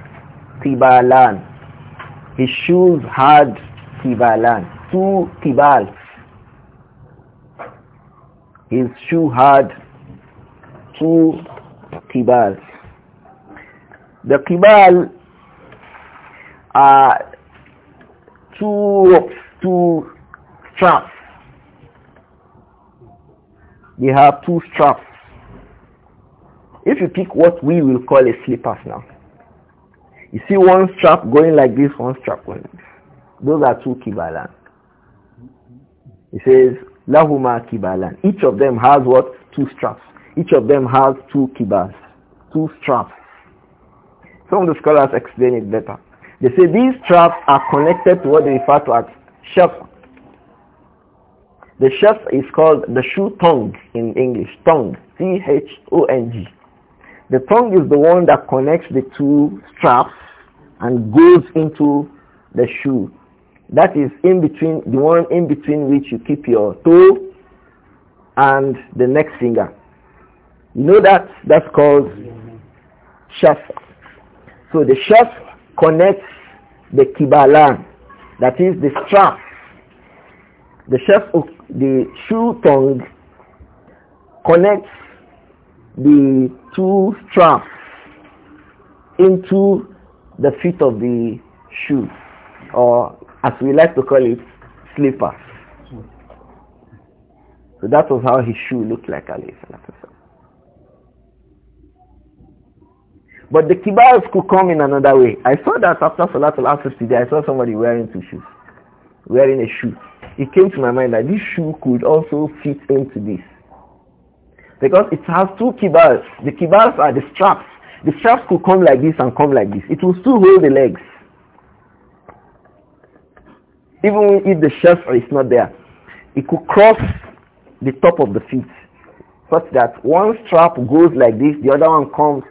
[SPEAKER 1] tibalan his shoes had tibalan two tibals his shoe had two tibals the tibal are two ropes two straps they have two straps if you pick what we will call a slippers now, you see one strap going like this, one strap going like this. Those are two kibalan. It says, lahuma kibalan. Each of them has what? Two straps. Each of them has two kibas, two straps. Some of the scholars explain it better. They say these straps are connected to what they refer to as shaf. The shaf is called the shoe tongue in English, tongue, C-H-O-N-G. The tongue is the one that connects the two straps and goes into the shoe. That is in between, the one in between which you keep your toe and the next finger. You know that? That's called shaf. So the shaf connects the kibalan, that is the strap. The shaf, the shoe tongue connects the two straps into the feet of the shoe or as we like to call it slippers so that was how his shoe looked like alayhi but the kibars could come in another way i saw that after salatul asr today i saw somebody wearing two shoes wearing a shoe it came to my mind that this shoe could also fit into this because it has two kibars. The kibars are the straps. The straps could come like this and come like this. It will still hold the legs. Even if the shelf is not there, it could cross the top of the feet such that one strap goes like this, the other one comes,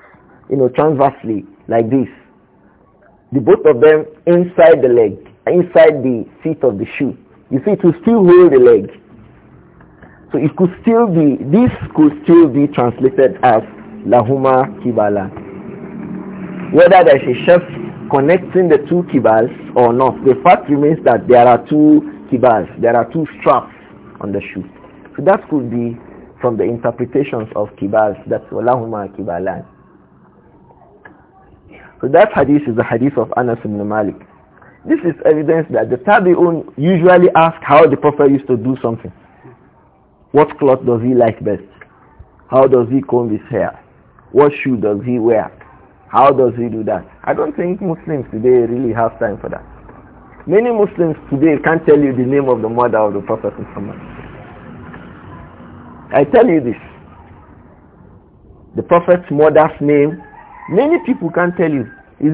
[SPEAKER 1] you know, transversely like this. The both of them inside the leg, inside the feet of the shoe. You see, it will still hold the leg. So it could still be, this could still be translated as Lahuma Kibala. Whether there's a chef connecting the two kibals or not, the fact remains that there are two kibals, there are two straps on the shoe. So that could be from the interpretations of kibals, that's Lahuma kibala. So that hadith is the hadith of Anas ibn Malik. This is evidence that the Tabi'un usually ask how the Prophet used to do something. What cloth does he like best? How does he comb his hair? What shoe does he wear? How does he do that? I don't think Muslims today really have time for that. Many Muslims today can't tell you the name of the mother of the Prophet Muhammad. I tell you this. The Prophet's mother's name, many people can't tell you. Is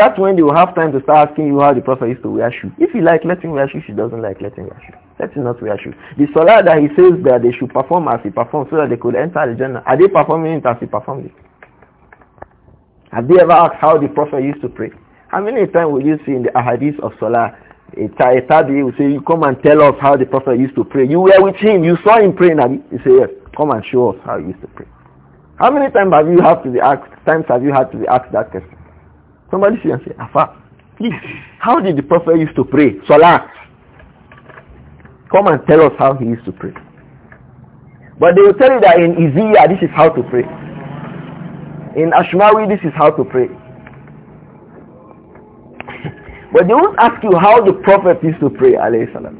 [SPEAKER 1] that when they will have time to start asking you how the Prophet used to wear shoes? If you like, letting wear shoes. she doesn't like, letting wear shoes. That is not where I should. The salah that he says that they should perform as he performed so that they could enter the Jannah, are they performing it as he performed it? Have they ever asked how the Prophet used to pray? How many times will you see in the ahadith of salah, a tabi will say, you come and tell us how the Prophet used to pray. You were with him, you saw him praying, and he say, yes, come and show us how he used to pray. How many times have you had to be asked, times have you had to be asked that question? Somebody should say, Afa, please, how did the Prophet used to pray? Salah, Come and tell us how he used to pray. But they will tell you that in Isaiah, this is how to pray. In Ashmawi, this is how to pray. but they won't ask you how the Prophet used to pray, salam.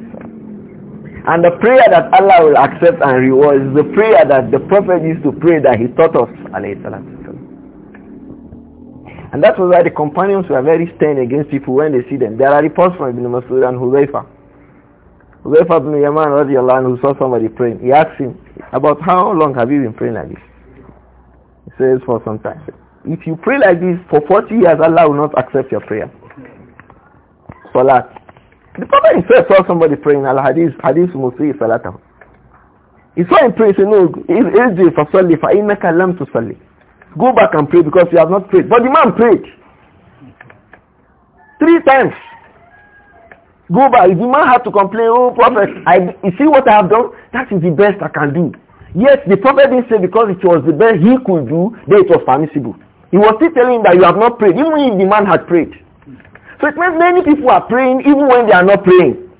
[SPEAKER 1] And the prayer that Allah will accept and reward is the prayer that the Prophet used to pray that he taught us, salam. And that was why the companions were very stern against people when they see them. There are reports from Ibn Masud and Huzaifa Uzaifa ibn Yaman radiallahu anhu saw somebody praying. He asked him, about how long have you been praying like this? He says, for some time. If you pray like this for 40 years, Allah will not accept your prayer. Salat. The Prophet himself saw somebody praying, Allah hadith Hadith Musi Salatahu. He saw him pray, he said, no, Ijdi fasalli fa'innaka lam tusalli. Go back and pray because you have not prayed. But the man prayed. Three times. Go back. If the man had to complain, oh prophet, I you see what I have done? That is the best I can do. Yes, the prophet didn't say because it was the best he could do, then it was permissible. He was still telling that you have not prayed, even if the man had prayed. So it means many people are praying even when they are not praying.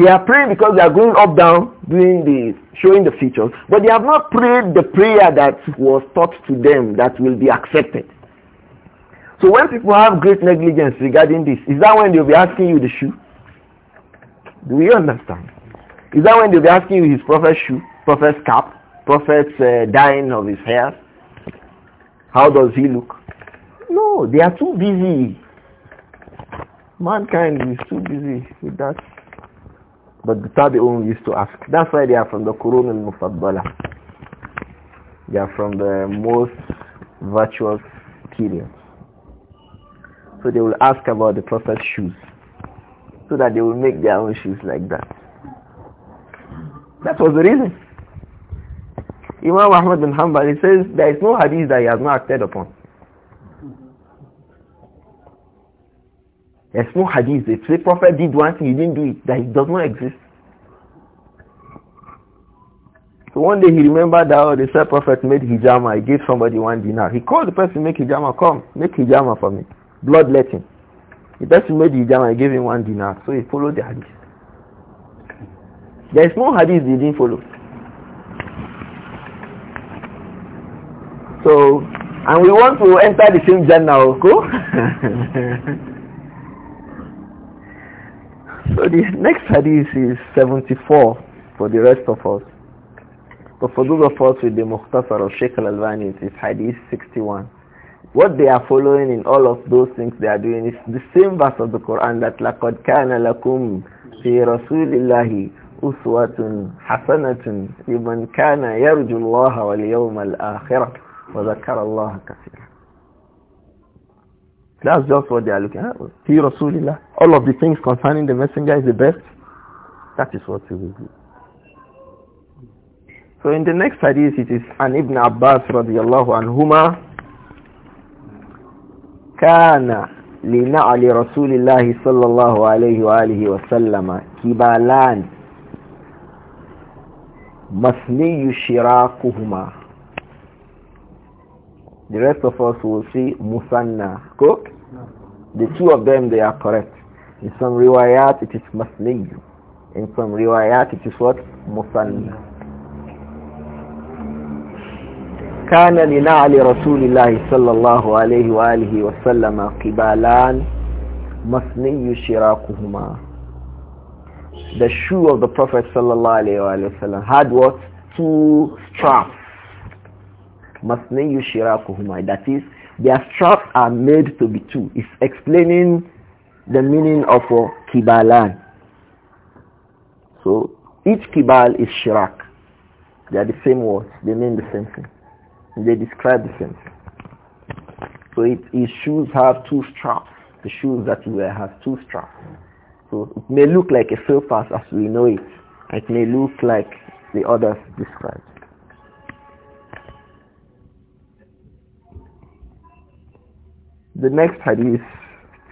[SPEAKER 1] They are praying because they are going up down, doing the showing the features, but they have not prayed the prayer that was taught to them that will be accepted. So when people have great negligence regarding this, is that when they'll be asking you the shoe? Do you understand? Is that when they'll be asking you his prophet's shoe, prophet's cap, prophet's uh, dyeing of his hair? How does he look? No, they are too busy. Mankind is too busy with that. But the Tabi'un used to ask. That's why they are from the Qur'an and mufaddala They are from the most virtuous periods. So they will ask about the Prophet's shoes so that they will make their own shoes like that. That was the reason. Imam Ahmad bin Hanbal, he says there is no hadith that he has not acted upon. There's no hadith. If the prophet did one thing, he didn't do it, that it does not exist. So one day he remembered that the said prophet made hijama. He gave somebody one dinar. He called the person, make hijama, come, make hijama for me. Bloodletting. The person made the jam and gave him one dinar. So he followed the hadith. There is no hadith he didn't follow. So, and we want to enter the same jam okay? So the next hadith is 74 for the rest of us. But for those of us with the Muqtasar of Sheikh al-Albani, it is hadith 61. What they are following in all of those things they are doing is the same verse of the Quran that لَقَدْ كَانَ لَكُمْ فِي رَسُولِ اللَّهِ أُسْوَةٌ حَسَنَةٌ لِمَنْ كَانَ يَرْجُو اللَّهَ وَالْيَوْمَ الْآخِرَةَ وَذَكَرَ اللَّهَ كَثِيرًا That's just what they are looking at. فِي رَسُولِ اللَّهِ All of the things concerning the messenger is the best. That is what we will do. So in the next hadith it is an Ibn Abbas radiallahu anhumah. كان لنعل رسول الله صلى الله عليه وآله وسلم كبالان مثني The rest of us will see Musanna. Cook? The two of them, they are correct. In some riwayat, it is Masniyu. In some riwayat, it is what? Musanna. كان لنعل رسول الله صلى الله عليه وآله وسلم قبالان مصني The shoe of the Prophet صلى الله عليه وآله وسلم had what? Two straps. مصني That is, their straps are made to be two. It's explaining the meaning of uh, kibalan. So each kibal is shirak. They are the same words. They mean the same thing. They describe the same thing. So it, his shoes have two straps. The shoes that he wear has two straps. So it may look like a surface as we know it. It may look like the others described. The next hadith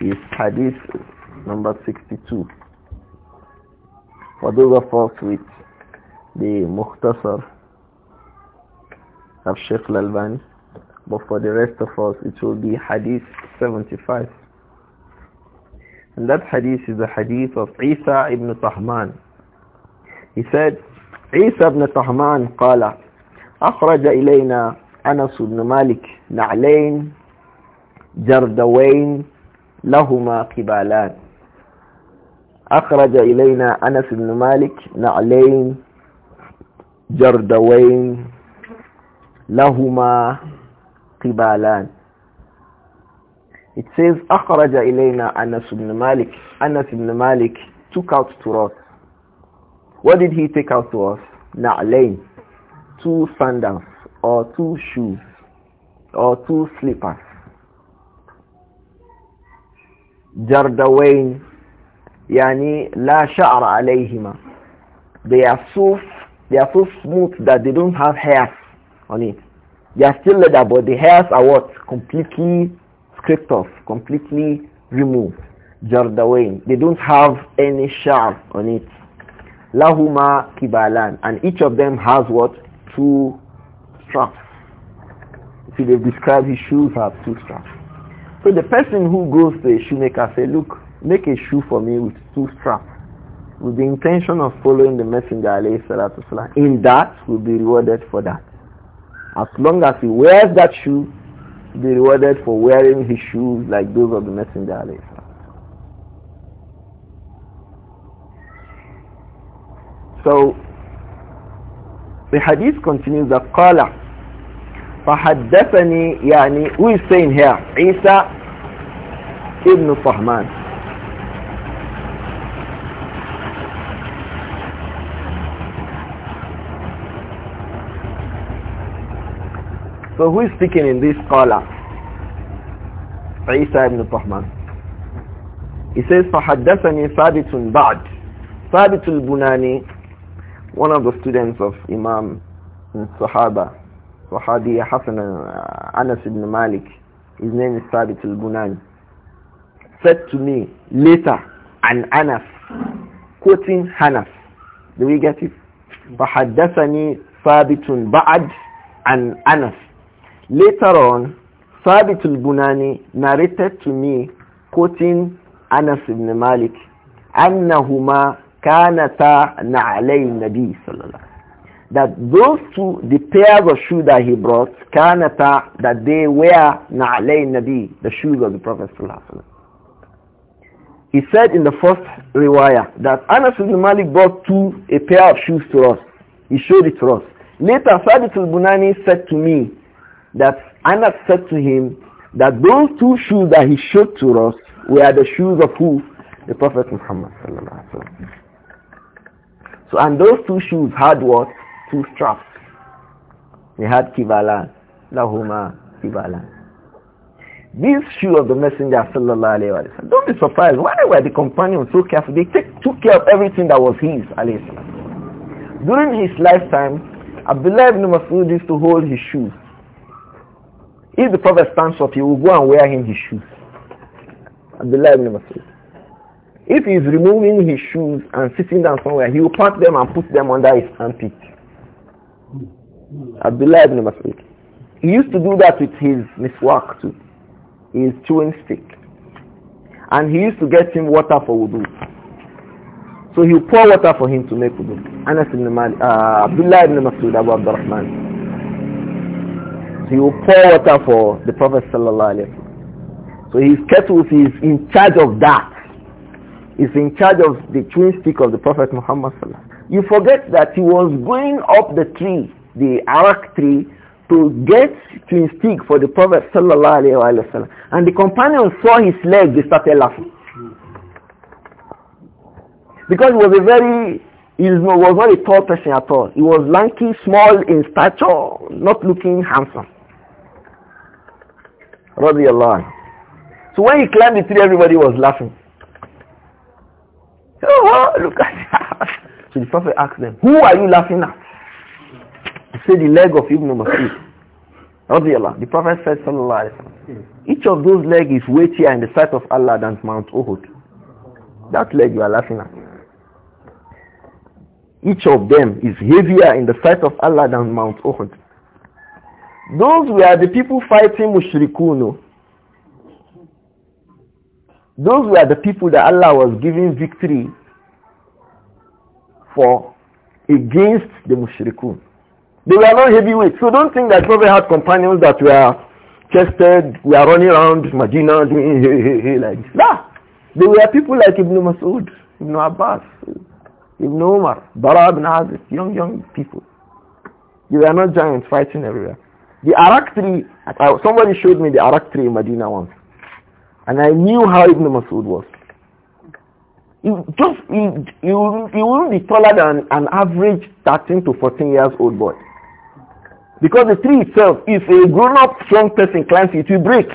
[SPEAKER 1] is hadith number 62. For those of us with the muhtasar? of Sheikh Lalbani. But for the rest of us, it will be Hadith 75. And that hadith is the hadith of Isa ibn Tahman. He said, عيسى بن طهمان قال أخرج إلينا أنس بن مالك نعلين جردوين لهما قبالان أخرج إلينا أنس بن مالك نعلين جردوين لهما قبالان It says أخرج إلينا أنس بن مالك أنس بن مالك took out to us What did he take out to us? نعلين two sandals or two shoes or two slippers jardawain يعني لا شعر عليهما they are so they are so smooth that they don't have hair on it. They are still leather, but the hairs are what? Completely scraped off, completely removed, jarred away. They don't have any shell on it. Lahuma kibalan. And each of them has what? Two straps. See, they've described his shoes have two straps. So the person who goes to a shoemaker say, look, make a shoe for me with two straps with the intention of following the messenger Allah salatu In that, will be rewarded for that. As long as he wears that shoe, be rewarded for wearing his shoes like those of the Messenger. So the hadith continues that Qala فحدثني يعني who is saying here Isa ibn Fahman So who is speaking in this qala? Isa ibn Tahman. He says, فَحَدَّثَنِي ثَابِتٌ بَعْدٍ ثَابِتُ Bunani." One of the students of Imam Sahaba, Sahabi Hassan uh, Anas ibn Malik, his name is Thabit al-Bunani, said to me later, an Anas, quoting Hanas. Do we get it? فَحَدَّثَنِي ثَابِتٌ بَعْدٍ and Anas. Later on, Thabit al-Bunani narrated to me, quoting Anas ibn Malik, أنهما كانتا نعلي النبي صلى الله عليه that those two, the pairs of shoes that he brought, kanata, that they na alayn nabi, the shoes of the Prophet sallallahu He said in the first riwayah that Anas ibn Malik brought two, a pair of shoes to us. He showed it to us. Later, Thabit al-Bunani said to me that Anas said to him that those two shoes that he showed to us were the shoes of who? The Prophet Muhammad So and those two shoes had what? Two straps. They had kibala. Lahuma kibala. This shoe of the Messenger sallallahu alayhi wa sallam. Don't be surprised. Why were the companions so careful? They take, took care of everything that was his During his lifetime, Abdullah ibn Masud used to hold his shoes if the Prophet stands up, he will go and wear him his shoes. Abdullah ibn Masud. If he is removing his shoes and sitting down somewhere, he will pat them and put them under his armpit. Abdullah ibn Masud. He used to do that with his miswak too, his chewing stick. And he used to get him water for wudu. So he will pour water for him to make wudu. Anas ibn Malik, uh, Abdullah ibn Masud, Abu Abdurrahman he will pour water for the Prophet sallallahu So his kettles is in charge of that. He's in charge of the twin stick of the Prophet Muhammad sallallahu You forget that he was going up the tree, the arak tree, to get twin stick for the Prophet sallallahu And the companion saw his leg, they started laughing. Because he was a very he was not a tall person at all. He was lanky, small in stature, not looking handsome radiallahu anhu. So when he climbed the tree, everybody was laughing. Oh, oh, look at that. So the Prophet asked them, who are you laughing at? He said, the leg of Ibn Masud. Radiallah. The Prophet said, sallallahu alayhi wa sallam, each of those legs is weightier in the sight of Allah than Mount Uhud. That leg you are laughing at. Each of them is heavier in the sight of Allah than Mount Uhud. Those were the people fighting mushrikun. Those were the people that Allah was giving victory for against the mushrikun. They were not heavyweight. So don't think that Prophet had companions that were chested, were running around Medina doing hey, hey, hey, like this. Nah. They were people like Ibn Masud, Ibn Abbas, Ibn Umar, Bara ibn Azib, young, young people. They were not giants fighting everywhere. The Arak tree, uh, somebody showed me the Arak tree in Medina once. And I knew how Ibn Masud was. You just, you, you, you wouldn't be taller than an average 13 to 14 years old boy. Because the tree itself, if a grown-up strong person climbs it, will break.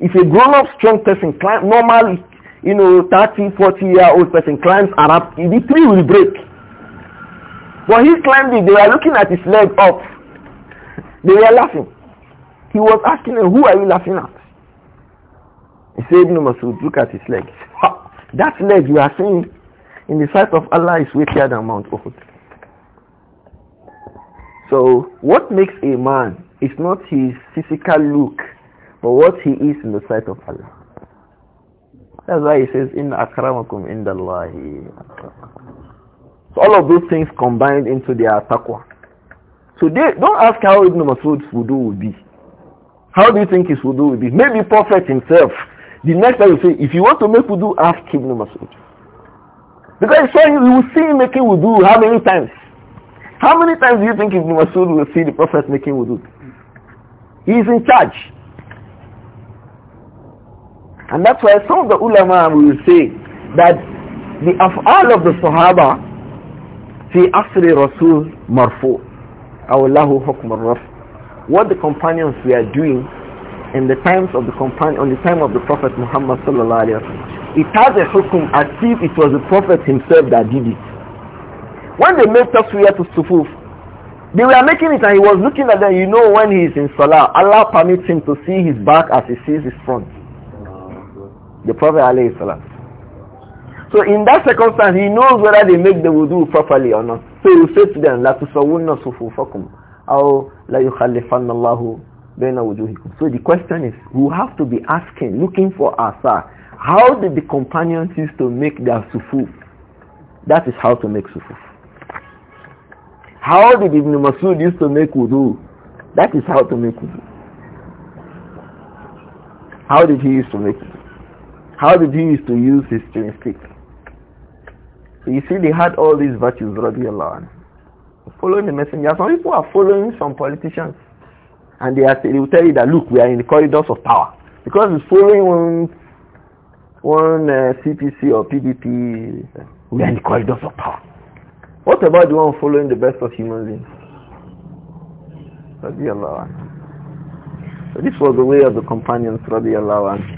[SPEAKER 1] If a grown-up strong person climbs, normally, you know, 30, 40 year old person climbs Arab, the tree will break. But he climbed it, they were looking at his leg up. They were laughing. He was asking them, who are you laughing at? He said, no, Masood, look at his leg. that leg you are seeing in the sight of Allah is weightier than Mount Uhud. So what makes a man is not his physical look, but what he is in the sight of Allah. That's why he says, "In akramakum indallahi." So all of those things combined into their taqwa. So they, don't ask how Ibn Masud's wudu will be. How do you think his wudu will be? Maybe Prophet himself. The next time you say, if you want to make wudu, ask Ibn Masud. Because so you will see him making wudu how many times? How many times do you think Ibn Masud will see the Prophet making wudu? He is in charge. And that's why some of the ulama will say that the af'al of the Sahaba في أصل رسول مرفوع أو له حكم الرفع what the companions were doing in the times of the companion on the time of the prophet muhammad sallallahu alaihi wasallam it has a hukum as if it was the prophet himself that did it when they made taswiyah to sufuf they were making it and he was looking at them you know when he is in salah allah permits him to see his back as he sees his front the prophet alayhi salam so in that circumstance, he knows whether they make the wudu properly or not. So he will say to them, لا تسوون صفوفكم أو لا يخلفن الله بين وجوهكم. So the question is, we have to be asking, looking for asar. How did the companions used to make their sufuf? That is how to make sufuf. How did Ibn Masud used to make wudu? That is how to make wudu. How did he used to make it? How did he used to use his string stick? So you see they had all these virtues, radiallahu Following the messenger. Some people are following some politicians. And they, are, they will tell you that, look, we are in the corridors of power. Because it's following one, one uh, CPC or PDP, we are in the corridors of power. What about the one following the best of human beings? Radiallahu So this was the way of the companions, radiallahu anhu.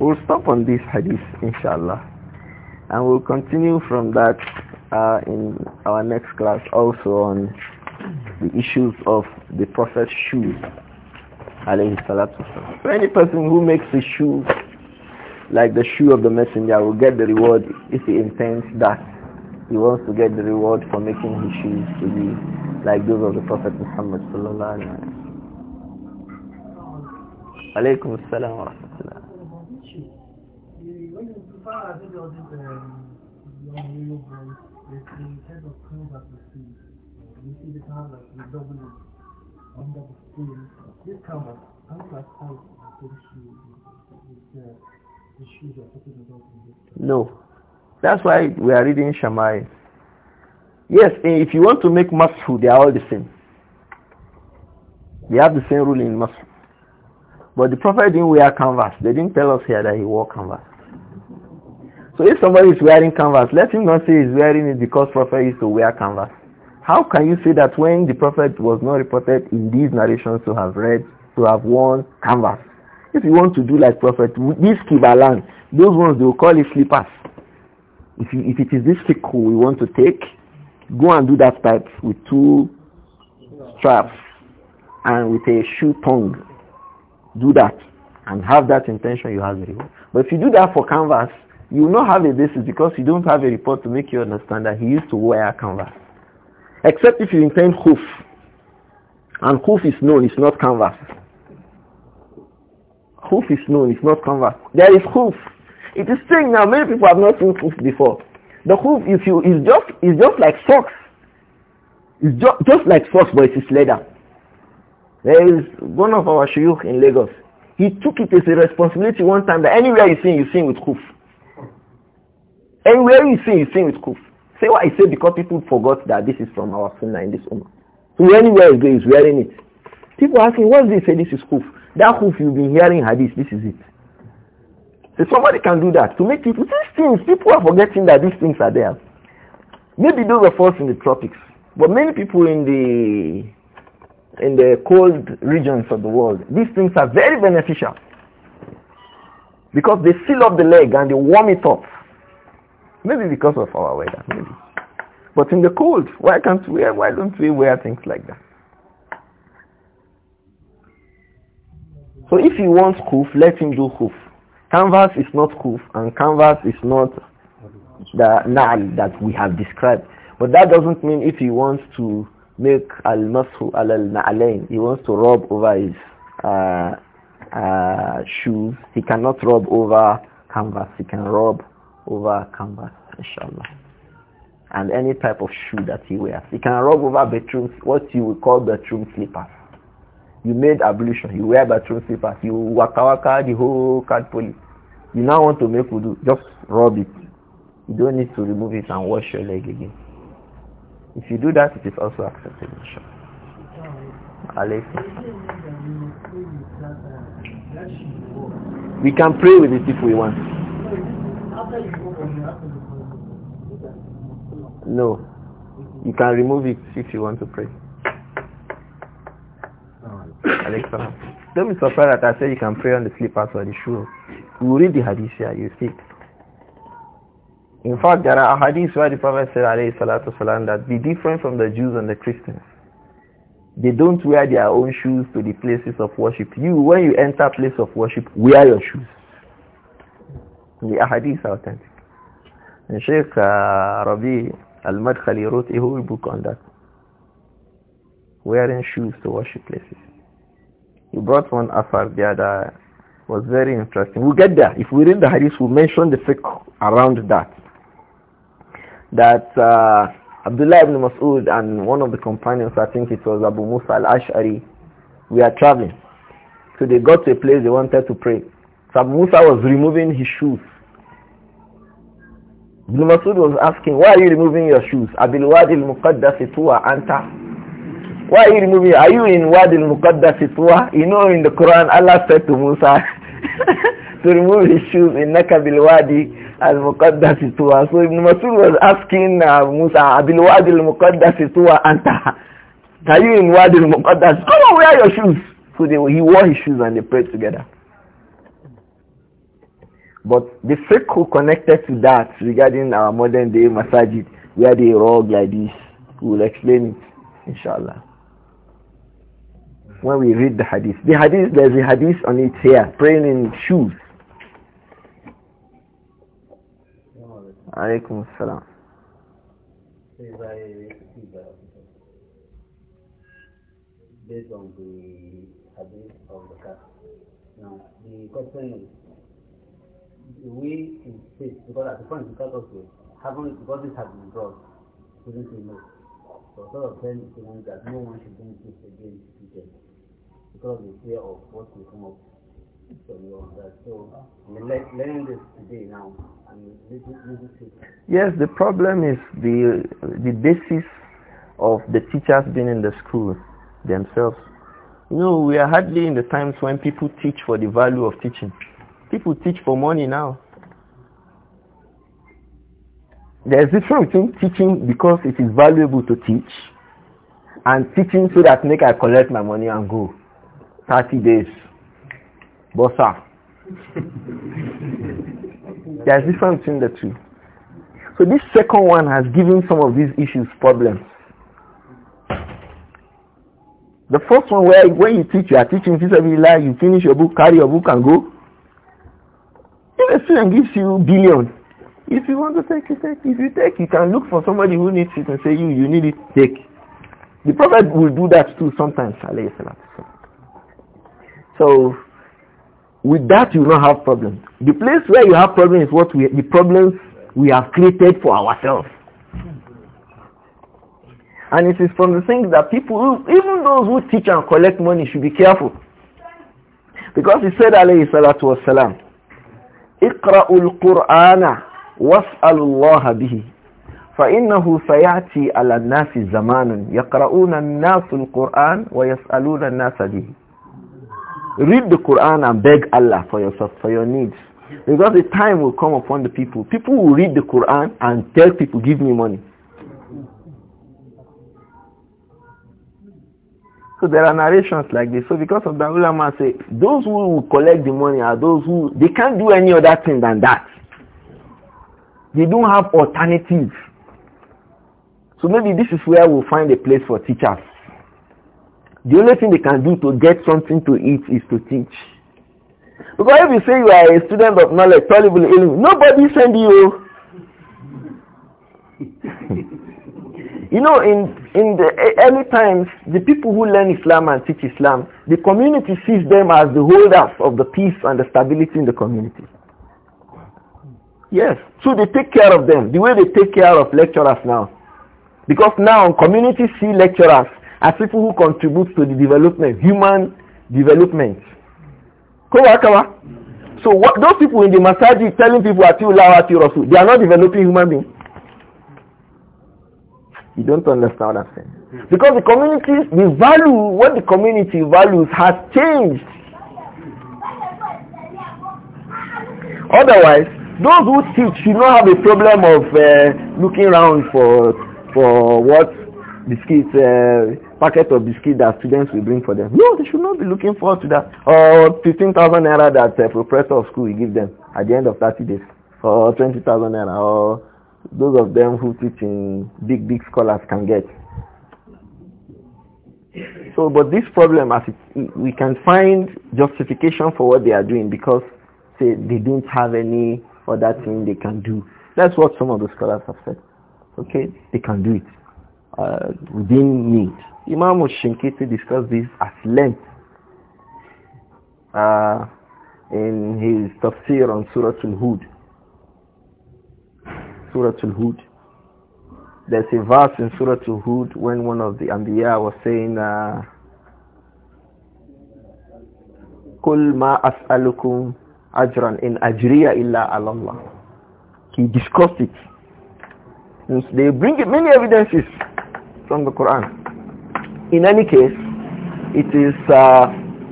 [SPEAKER 1] We'll stop on this hadith, inshallah. And we'll continue from that uh, in our next class also on the issues of the Prophet's shoes. So any person who makes a shoe like the shoe of the messenger will get the reward if he intends that. He wants to get the reward for making his shoes to be like those of the Prophet Muhammad sallallahu alaihi wasallam. I think it was just the young um, New York boys. They see heads of cones that the sea. You see the kind like double under the steel. This camera, I was like, I think she is the the are talking about in this. No. That's why we are reading Shammai. Yes, eh, if you want to make Masfu, they are all the same. They have the same rule in Masfu. But the Prophet didn't wear canvas. They didn't tell us here that he wore canvas. So if somebody is wearing canvas, let him not say he's wearing it because Prophet used to wear canvas. How can you say that when the Prophet was not reported in these narrations to have read, to have worn canvas? If you want to do like Prophet, this kibalan, those ones they will call it slippers. If, you, if it is this fickle we want to take, go and do that type with two straps and with a shoe tongue. Do that and have that intention you have But if you do that for canvas, you will not have a basis because you don't have a report to make you understand that he used to wear canvas. Except if you intend hoof. And hoof is known, it's not canvas. Hoof is known, it's not canvas. There is hoof. It is strange now many people have not seen hoof before. The hoof if you is just is just like socks. It's ju just like socks but it is leather. There is one of our shuyukh in Lagos. He took it as a responsibility one time that anywhere you see, you see with hoof. And where you see, you see it's kuf. Say what I say because people forgot that this is from our sunnah in this ummah. So anywhere you go, is wearing it. People asking, what's this? Say this is kuf. That kuf you've been hearing hadith, this is it. So somebody can do that to make people, these things, people are forgetting that these things are there. Maybe those of us in the tropics, but many people in the in the cold regions of the world, these things are very beneficial because they seal up the leg and they warm it up. Maybe because of our weather, maybe. But in the cold, why can't we, why don't we wear things like that? So if he wants kuf, let him do kuf. Canvas is not kuf and canvas is not the nal that we have described. But that doesn't mean if he wants to make al-mashu al-na'alain, he wants to rub over his uh, uh, shoes, he cannot rub over canvas, he can rub over canvas, inshallah. And any type of shoe that he wears. He can rub over bedroom, what you would call bedroom slippers. You made ablution, you wear bedroom slippers, you waka waka the whole card it. You now want to make wudu, just rub it. You don't need to remove it and wash your leg again. If you do that, it is also acceptable, inshallah. We can pray with it if we want. No. You can remove it if you want to pray. Alexa. Don't be surprised that I said you can pray on the slippers or the shoe. You read the hadith here, you see. In fact, there are hadiths where the Prophet said, alayhi salatu salam, that be different from the Jews and the Christians. They don't wear their own shoes to the places of worship. You, when you enter place of worship, wear your shoes. The ahadith are authentic. And Sheikh uh, Rabi Al-Madkhali wrote a whole book on that. Wearing shoes to worship places. He brought one afar there that was very interesting. We'll get there. If we read the hadith, we'll mention the fiqh around that. That uh, Abdullah ibn Mas'ud and one of the companions, I think it was Abu Musa al-Ash'ari, we are traveling. So they got to a place they wanted to pray. So Abu Musa was removing his shoes Ibn Masud was asking, why are you removing your shoes? Abil Wadi al-Muqaddas tuwa anta. Why are you removing? Are you in Wadi al-Muqaddas tuwa? You know in the Quran, Allah said to Musa to remove his shoes in Nakabil Wadi al-Muqaddas tuwa. So Ibn Masud was asking uh, Musa, Abil Wadi al-Muqaddas tuwa anta. Are you in Wadi al-Muqaddas? Come on, wear your shoes. So they, he wore his shoes and they prayed together. But the circle connected to that regarding our modern day masajid where they rug like this, we will explain it, inshallah. When we read the hadith. The hadith, there's a hadith on it here, praying in shoes. Alaykum salam Based on the hadith of the cat. Now, the question is, we insist, because at the point we thought, okay, haven't, because this has been brought, shouldn't we know? So sort of then it means that no one should bring this again to teachers because of the fear of what will come up from your that. So let, learning this today now and Yes, the problem is the the basis of the teachers being in the school themselves. You know, we are hardly in the times when people teach for the value of teaching. People teach for money now. There is difference between teaching because it is valuable to teach and teaching so that make I collect my money and go. 30 days. Bossa. There's there is difference between the two. So this second one has given some of these issues problems. The first one where when you teach, you are teaching vis-a-vis you finish your book, carry your book and go. If a student gives you billion, if you want to take it, take If you take, you can look for somebody who needs it and say, you, you need it, take. The Prophet will do that too sometimes, So, with that you will not have problems. The place where you have problems is what we, the problems we have created for ourselves. And it is from the things that people, who, even those who teach and collect money should be careful. Because he said, alayhi salatu wasalam, اقرأوا القرآن واسألوا الله به فإنه سيأتي على الناس زمان يقرؤون الناس القرآن ويسألون الناس به Read the Quran and beg Allah for yourself, for your needs. Because the time will come upon the people. People will read the Quran and tell people, give me money. So there are narrations like this. So because of that, ulama say, those who will collect the money are those who, they can't do any other thing than that. They don't have alternatives. So maybe this is where we'll find a place for teachers. The only thing they can do to get something to eat is to teach. Because if you say you are a student of knowledge, tolerable, nobody send you. You know, in, in the early times, the people who learn Islam and teach Islam, the community sees them as the holders of the peace and the stability in the community. Yes. So they take care of them the way they take care of lecturers now. Because now communities see lecturers as people who contribute to the development, human development. So what, those people in the masjid telling people Atiullah, Ati Rasul, they are not developing human beings. You don't understand what I'm saying. Hmm. Because the community, the value, what the community values has changed. Otherwise, those who teach should not have a problem of uh, looking around for for what biscuit uh, packet of biscuit that students will bring for them. No, they should not be looking forward to that. Or uh, 15,000 naira that uh, professor of school will give them at the end of 30 days. Or 20,000 naira. Or those of them who teach in big, big scholars can get. So, but this problem, as it, we can find justification for what they are doing because say, they don't have any other thing they can do. That's what some of the scholars have said. Okay, they can do it uh, within need. Imam Shinkiti discussed this at length uh, in his tafsir on Surah Al-Hud. Surah Al-Hud. There's a verse in Surah Al-Hud when one of the Anbiya was saying, uh, "Kul ma as'alukum ajran in ajriya illa إِلَّا He discussed it. And they bring many evidences from the Quran. In any case, it is, uh,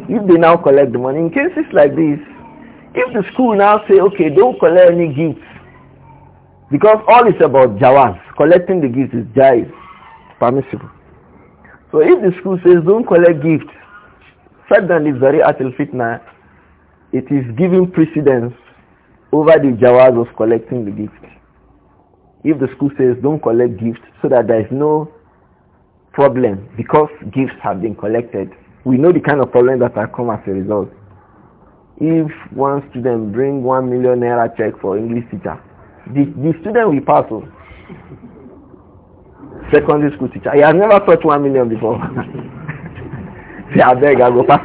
[SPEAKER 1] if they now collect the money, in cases like this, if the school now say, okay, don't collect any gifts because all is about jawaz. Collecting the gift is jais, permissible. So if the school says don't collect gifts, Saddan is very atil fitna. It is giving precedence over the jawaz of collecting the gift. If the school says don't collect gifts so that there is no problem because gifts have been collected, we know the kind of problems that have come as a result. If one student bring one million naira check for English teacher, the, the student will pass. Oh. Secondary school teacher. I have never taught one million before. Say, are beg, I go pass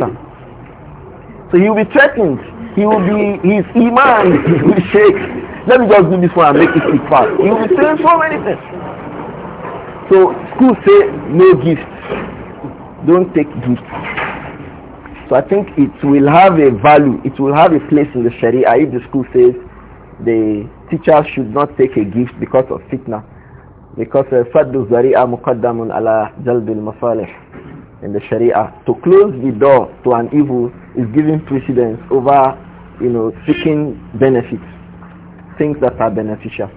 [SPEAKER 1] So he will be threatened. He will be, his iman will shake. Let me just do this one and make it quick fast. He will be saying so many things. So school say no gifts. Don't take gifts. So I think it will have a value. It will have a place in the Sharia if the school says they teachers should not take a gift because of fitna. Because uh, Faddu Zari'a Muqaddamun ala Jalbil Masalih in the Sharia. To close the door to an evil is giving precedence over, you know, seeking benefits, things that are beneficial.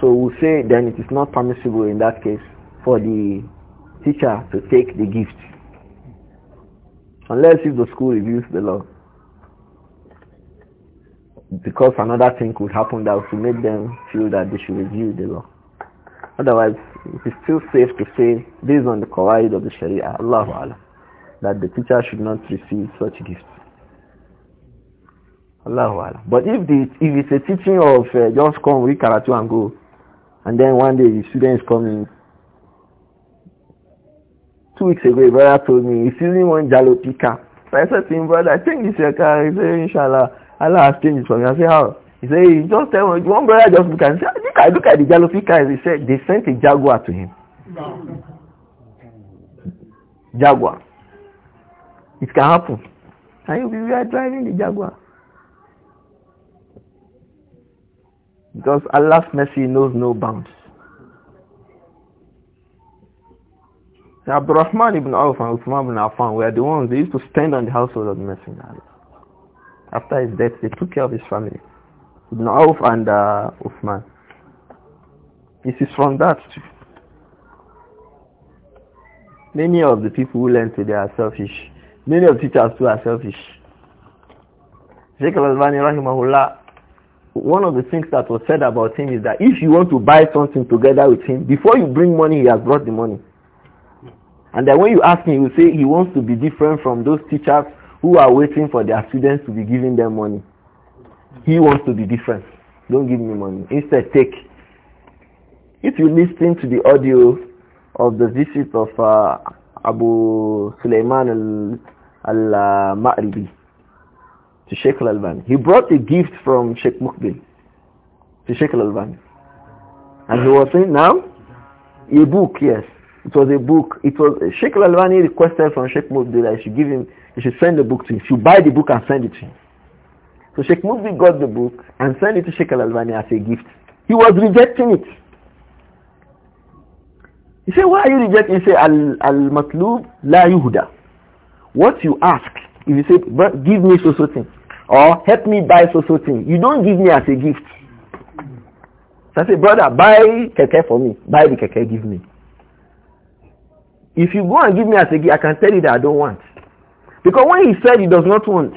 [SPEAKER 1] So we we'll say then it is not permissible in that case for the teacher to take the gift. Unless if the school reviews the law because another thing could happen that would make them feel that they should review the law. Otherwise, it is still safe to say, based on the Qur'an of the Sharia, Allah Allah, that the teacher should not receive such gifts. Allah Allah. But if, the, if it's a teaching of uh, just come, read Karatu and go, and then one day the student is coming. Two weeks ago, a brother told me, he's using one Jalo I said to him, brother, think this your car. He said, inshallah. Allah has changed for from you. I say, how? He said, hey, just tell me. One brother just look and say, look at, look at the jalopy He said, they sent a Jaguar to him. Jaguar. It can happen. And you, we are driving the Jaguar. Because Allah's mercy knows no bounds. Abdurrahman ibn Auf and Uthman ibn Affan were the ones they used to stand on the household of the Messenger after his death, they took care of his family. Ibn Auf and uh, Uthman. This is from that. Many of the people who learn today are selfish. Many of the teachers too are selfish. Sheikh Al-Albani Rahimahullah, one of the things that was said about him is that if you want to buy something together with him, before you bring money, he has brought the money. And then when you ask him, he will say he wants to be different from those teachers who are waiting for their students to be giving them money. He wants to be different. Don't give me money. Instead, take. If you listen to the audio of the visit of uh, Abu Sulaiman al-Ma'ribi uh, to Sheikh al-Albani, he brought a gift from Sheikh Mukbil to Sheikh al-Albani. And he was saying now, a book, yes. It was a book. It was uh, Sheikh Al-Albani requested from Sheikh Mubdi that he should give him, he should send the book to him. He should buy the book and send it to him. So Sheikh Mubdi got the book and sent it to Sheikh Al-Albani as a gift. He was rejecting it. He said, why are you rejecting? He said, Al-Matlub la yuhda. What you ask, if you say, give me so-so thing, or help me buy so-so thing, you don't give me as a gift. So I say, brother, buy keke for me. Buy the keke, give me. If you go and give me as a gift, I can tell you that I don't want. Because when he said he does not want,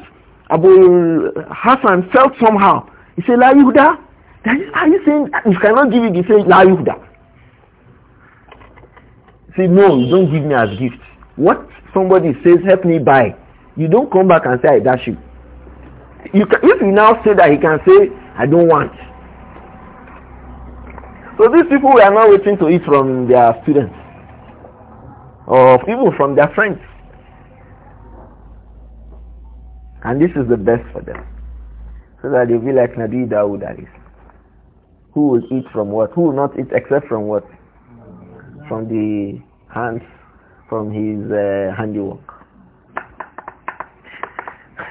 [SPEAKER 1] Abu Hassan felt somehow. He said, La Yehuda? Are you saying you cannot give it? He said, La Yehuda. He said, no, you don't give me as gift. What somebody says, help me buy. You don't come back and say, I dash you. you can, if you now say that, he can say, I don't want. So these people were not waiting to eat from their students or even from their friends. And this is the best for them. So that they'll be like Nabi Dawood Aris. Who will eat from what? Who will not eat except from what? From the hands, from his uh, handiwork.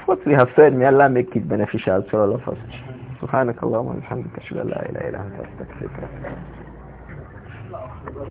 [SPEAKER 1] What we have said, may Allah make it beneficial to all of us. سبحانك اللهم وبحمدك اشهد ان لا اله الا انت استغفرك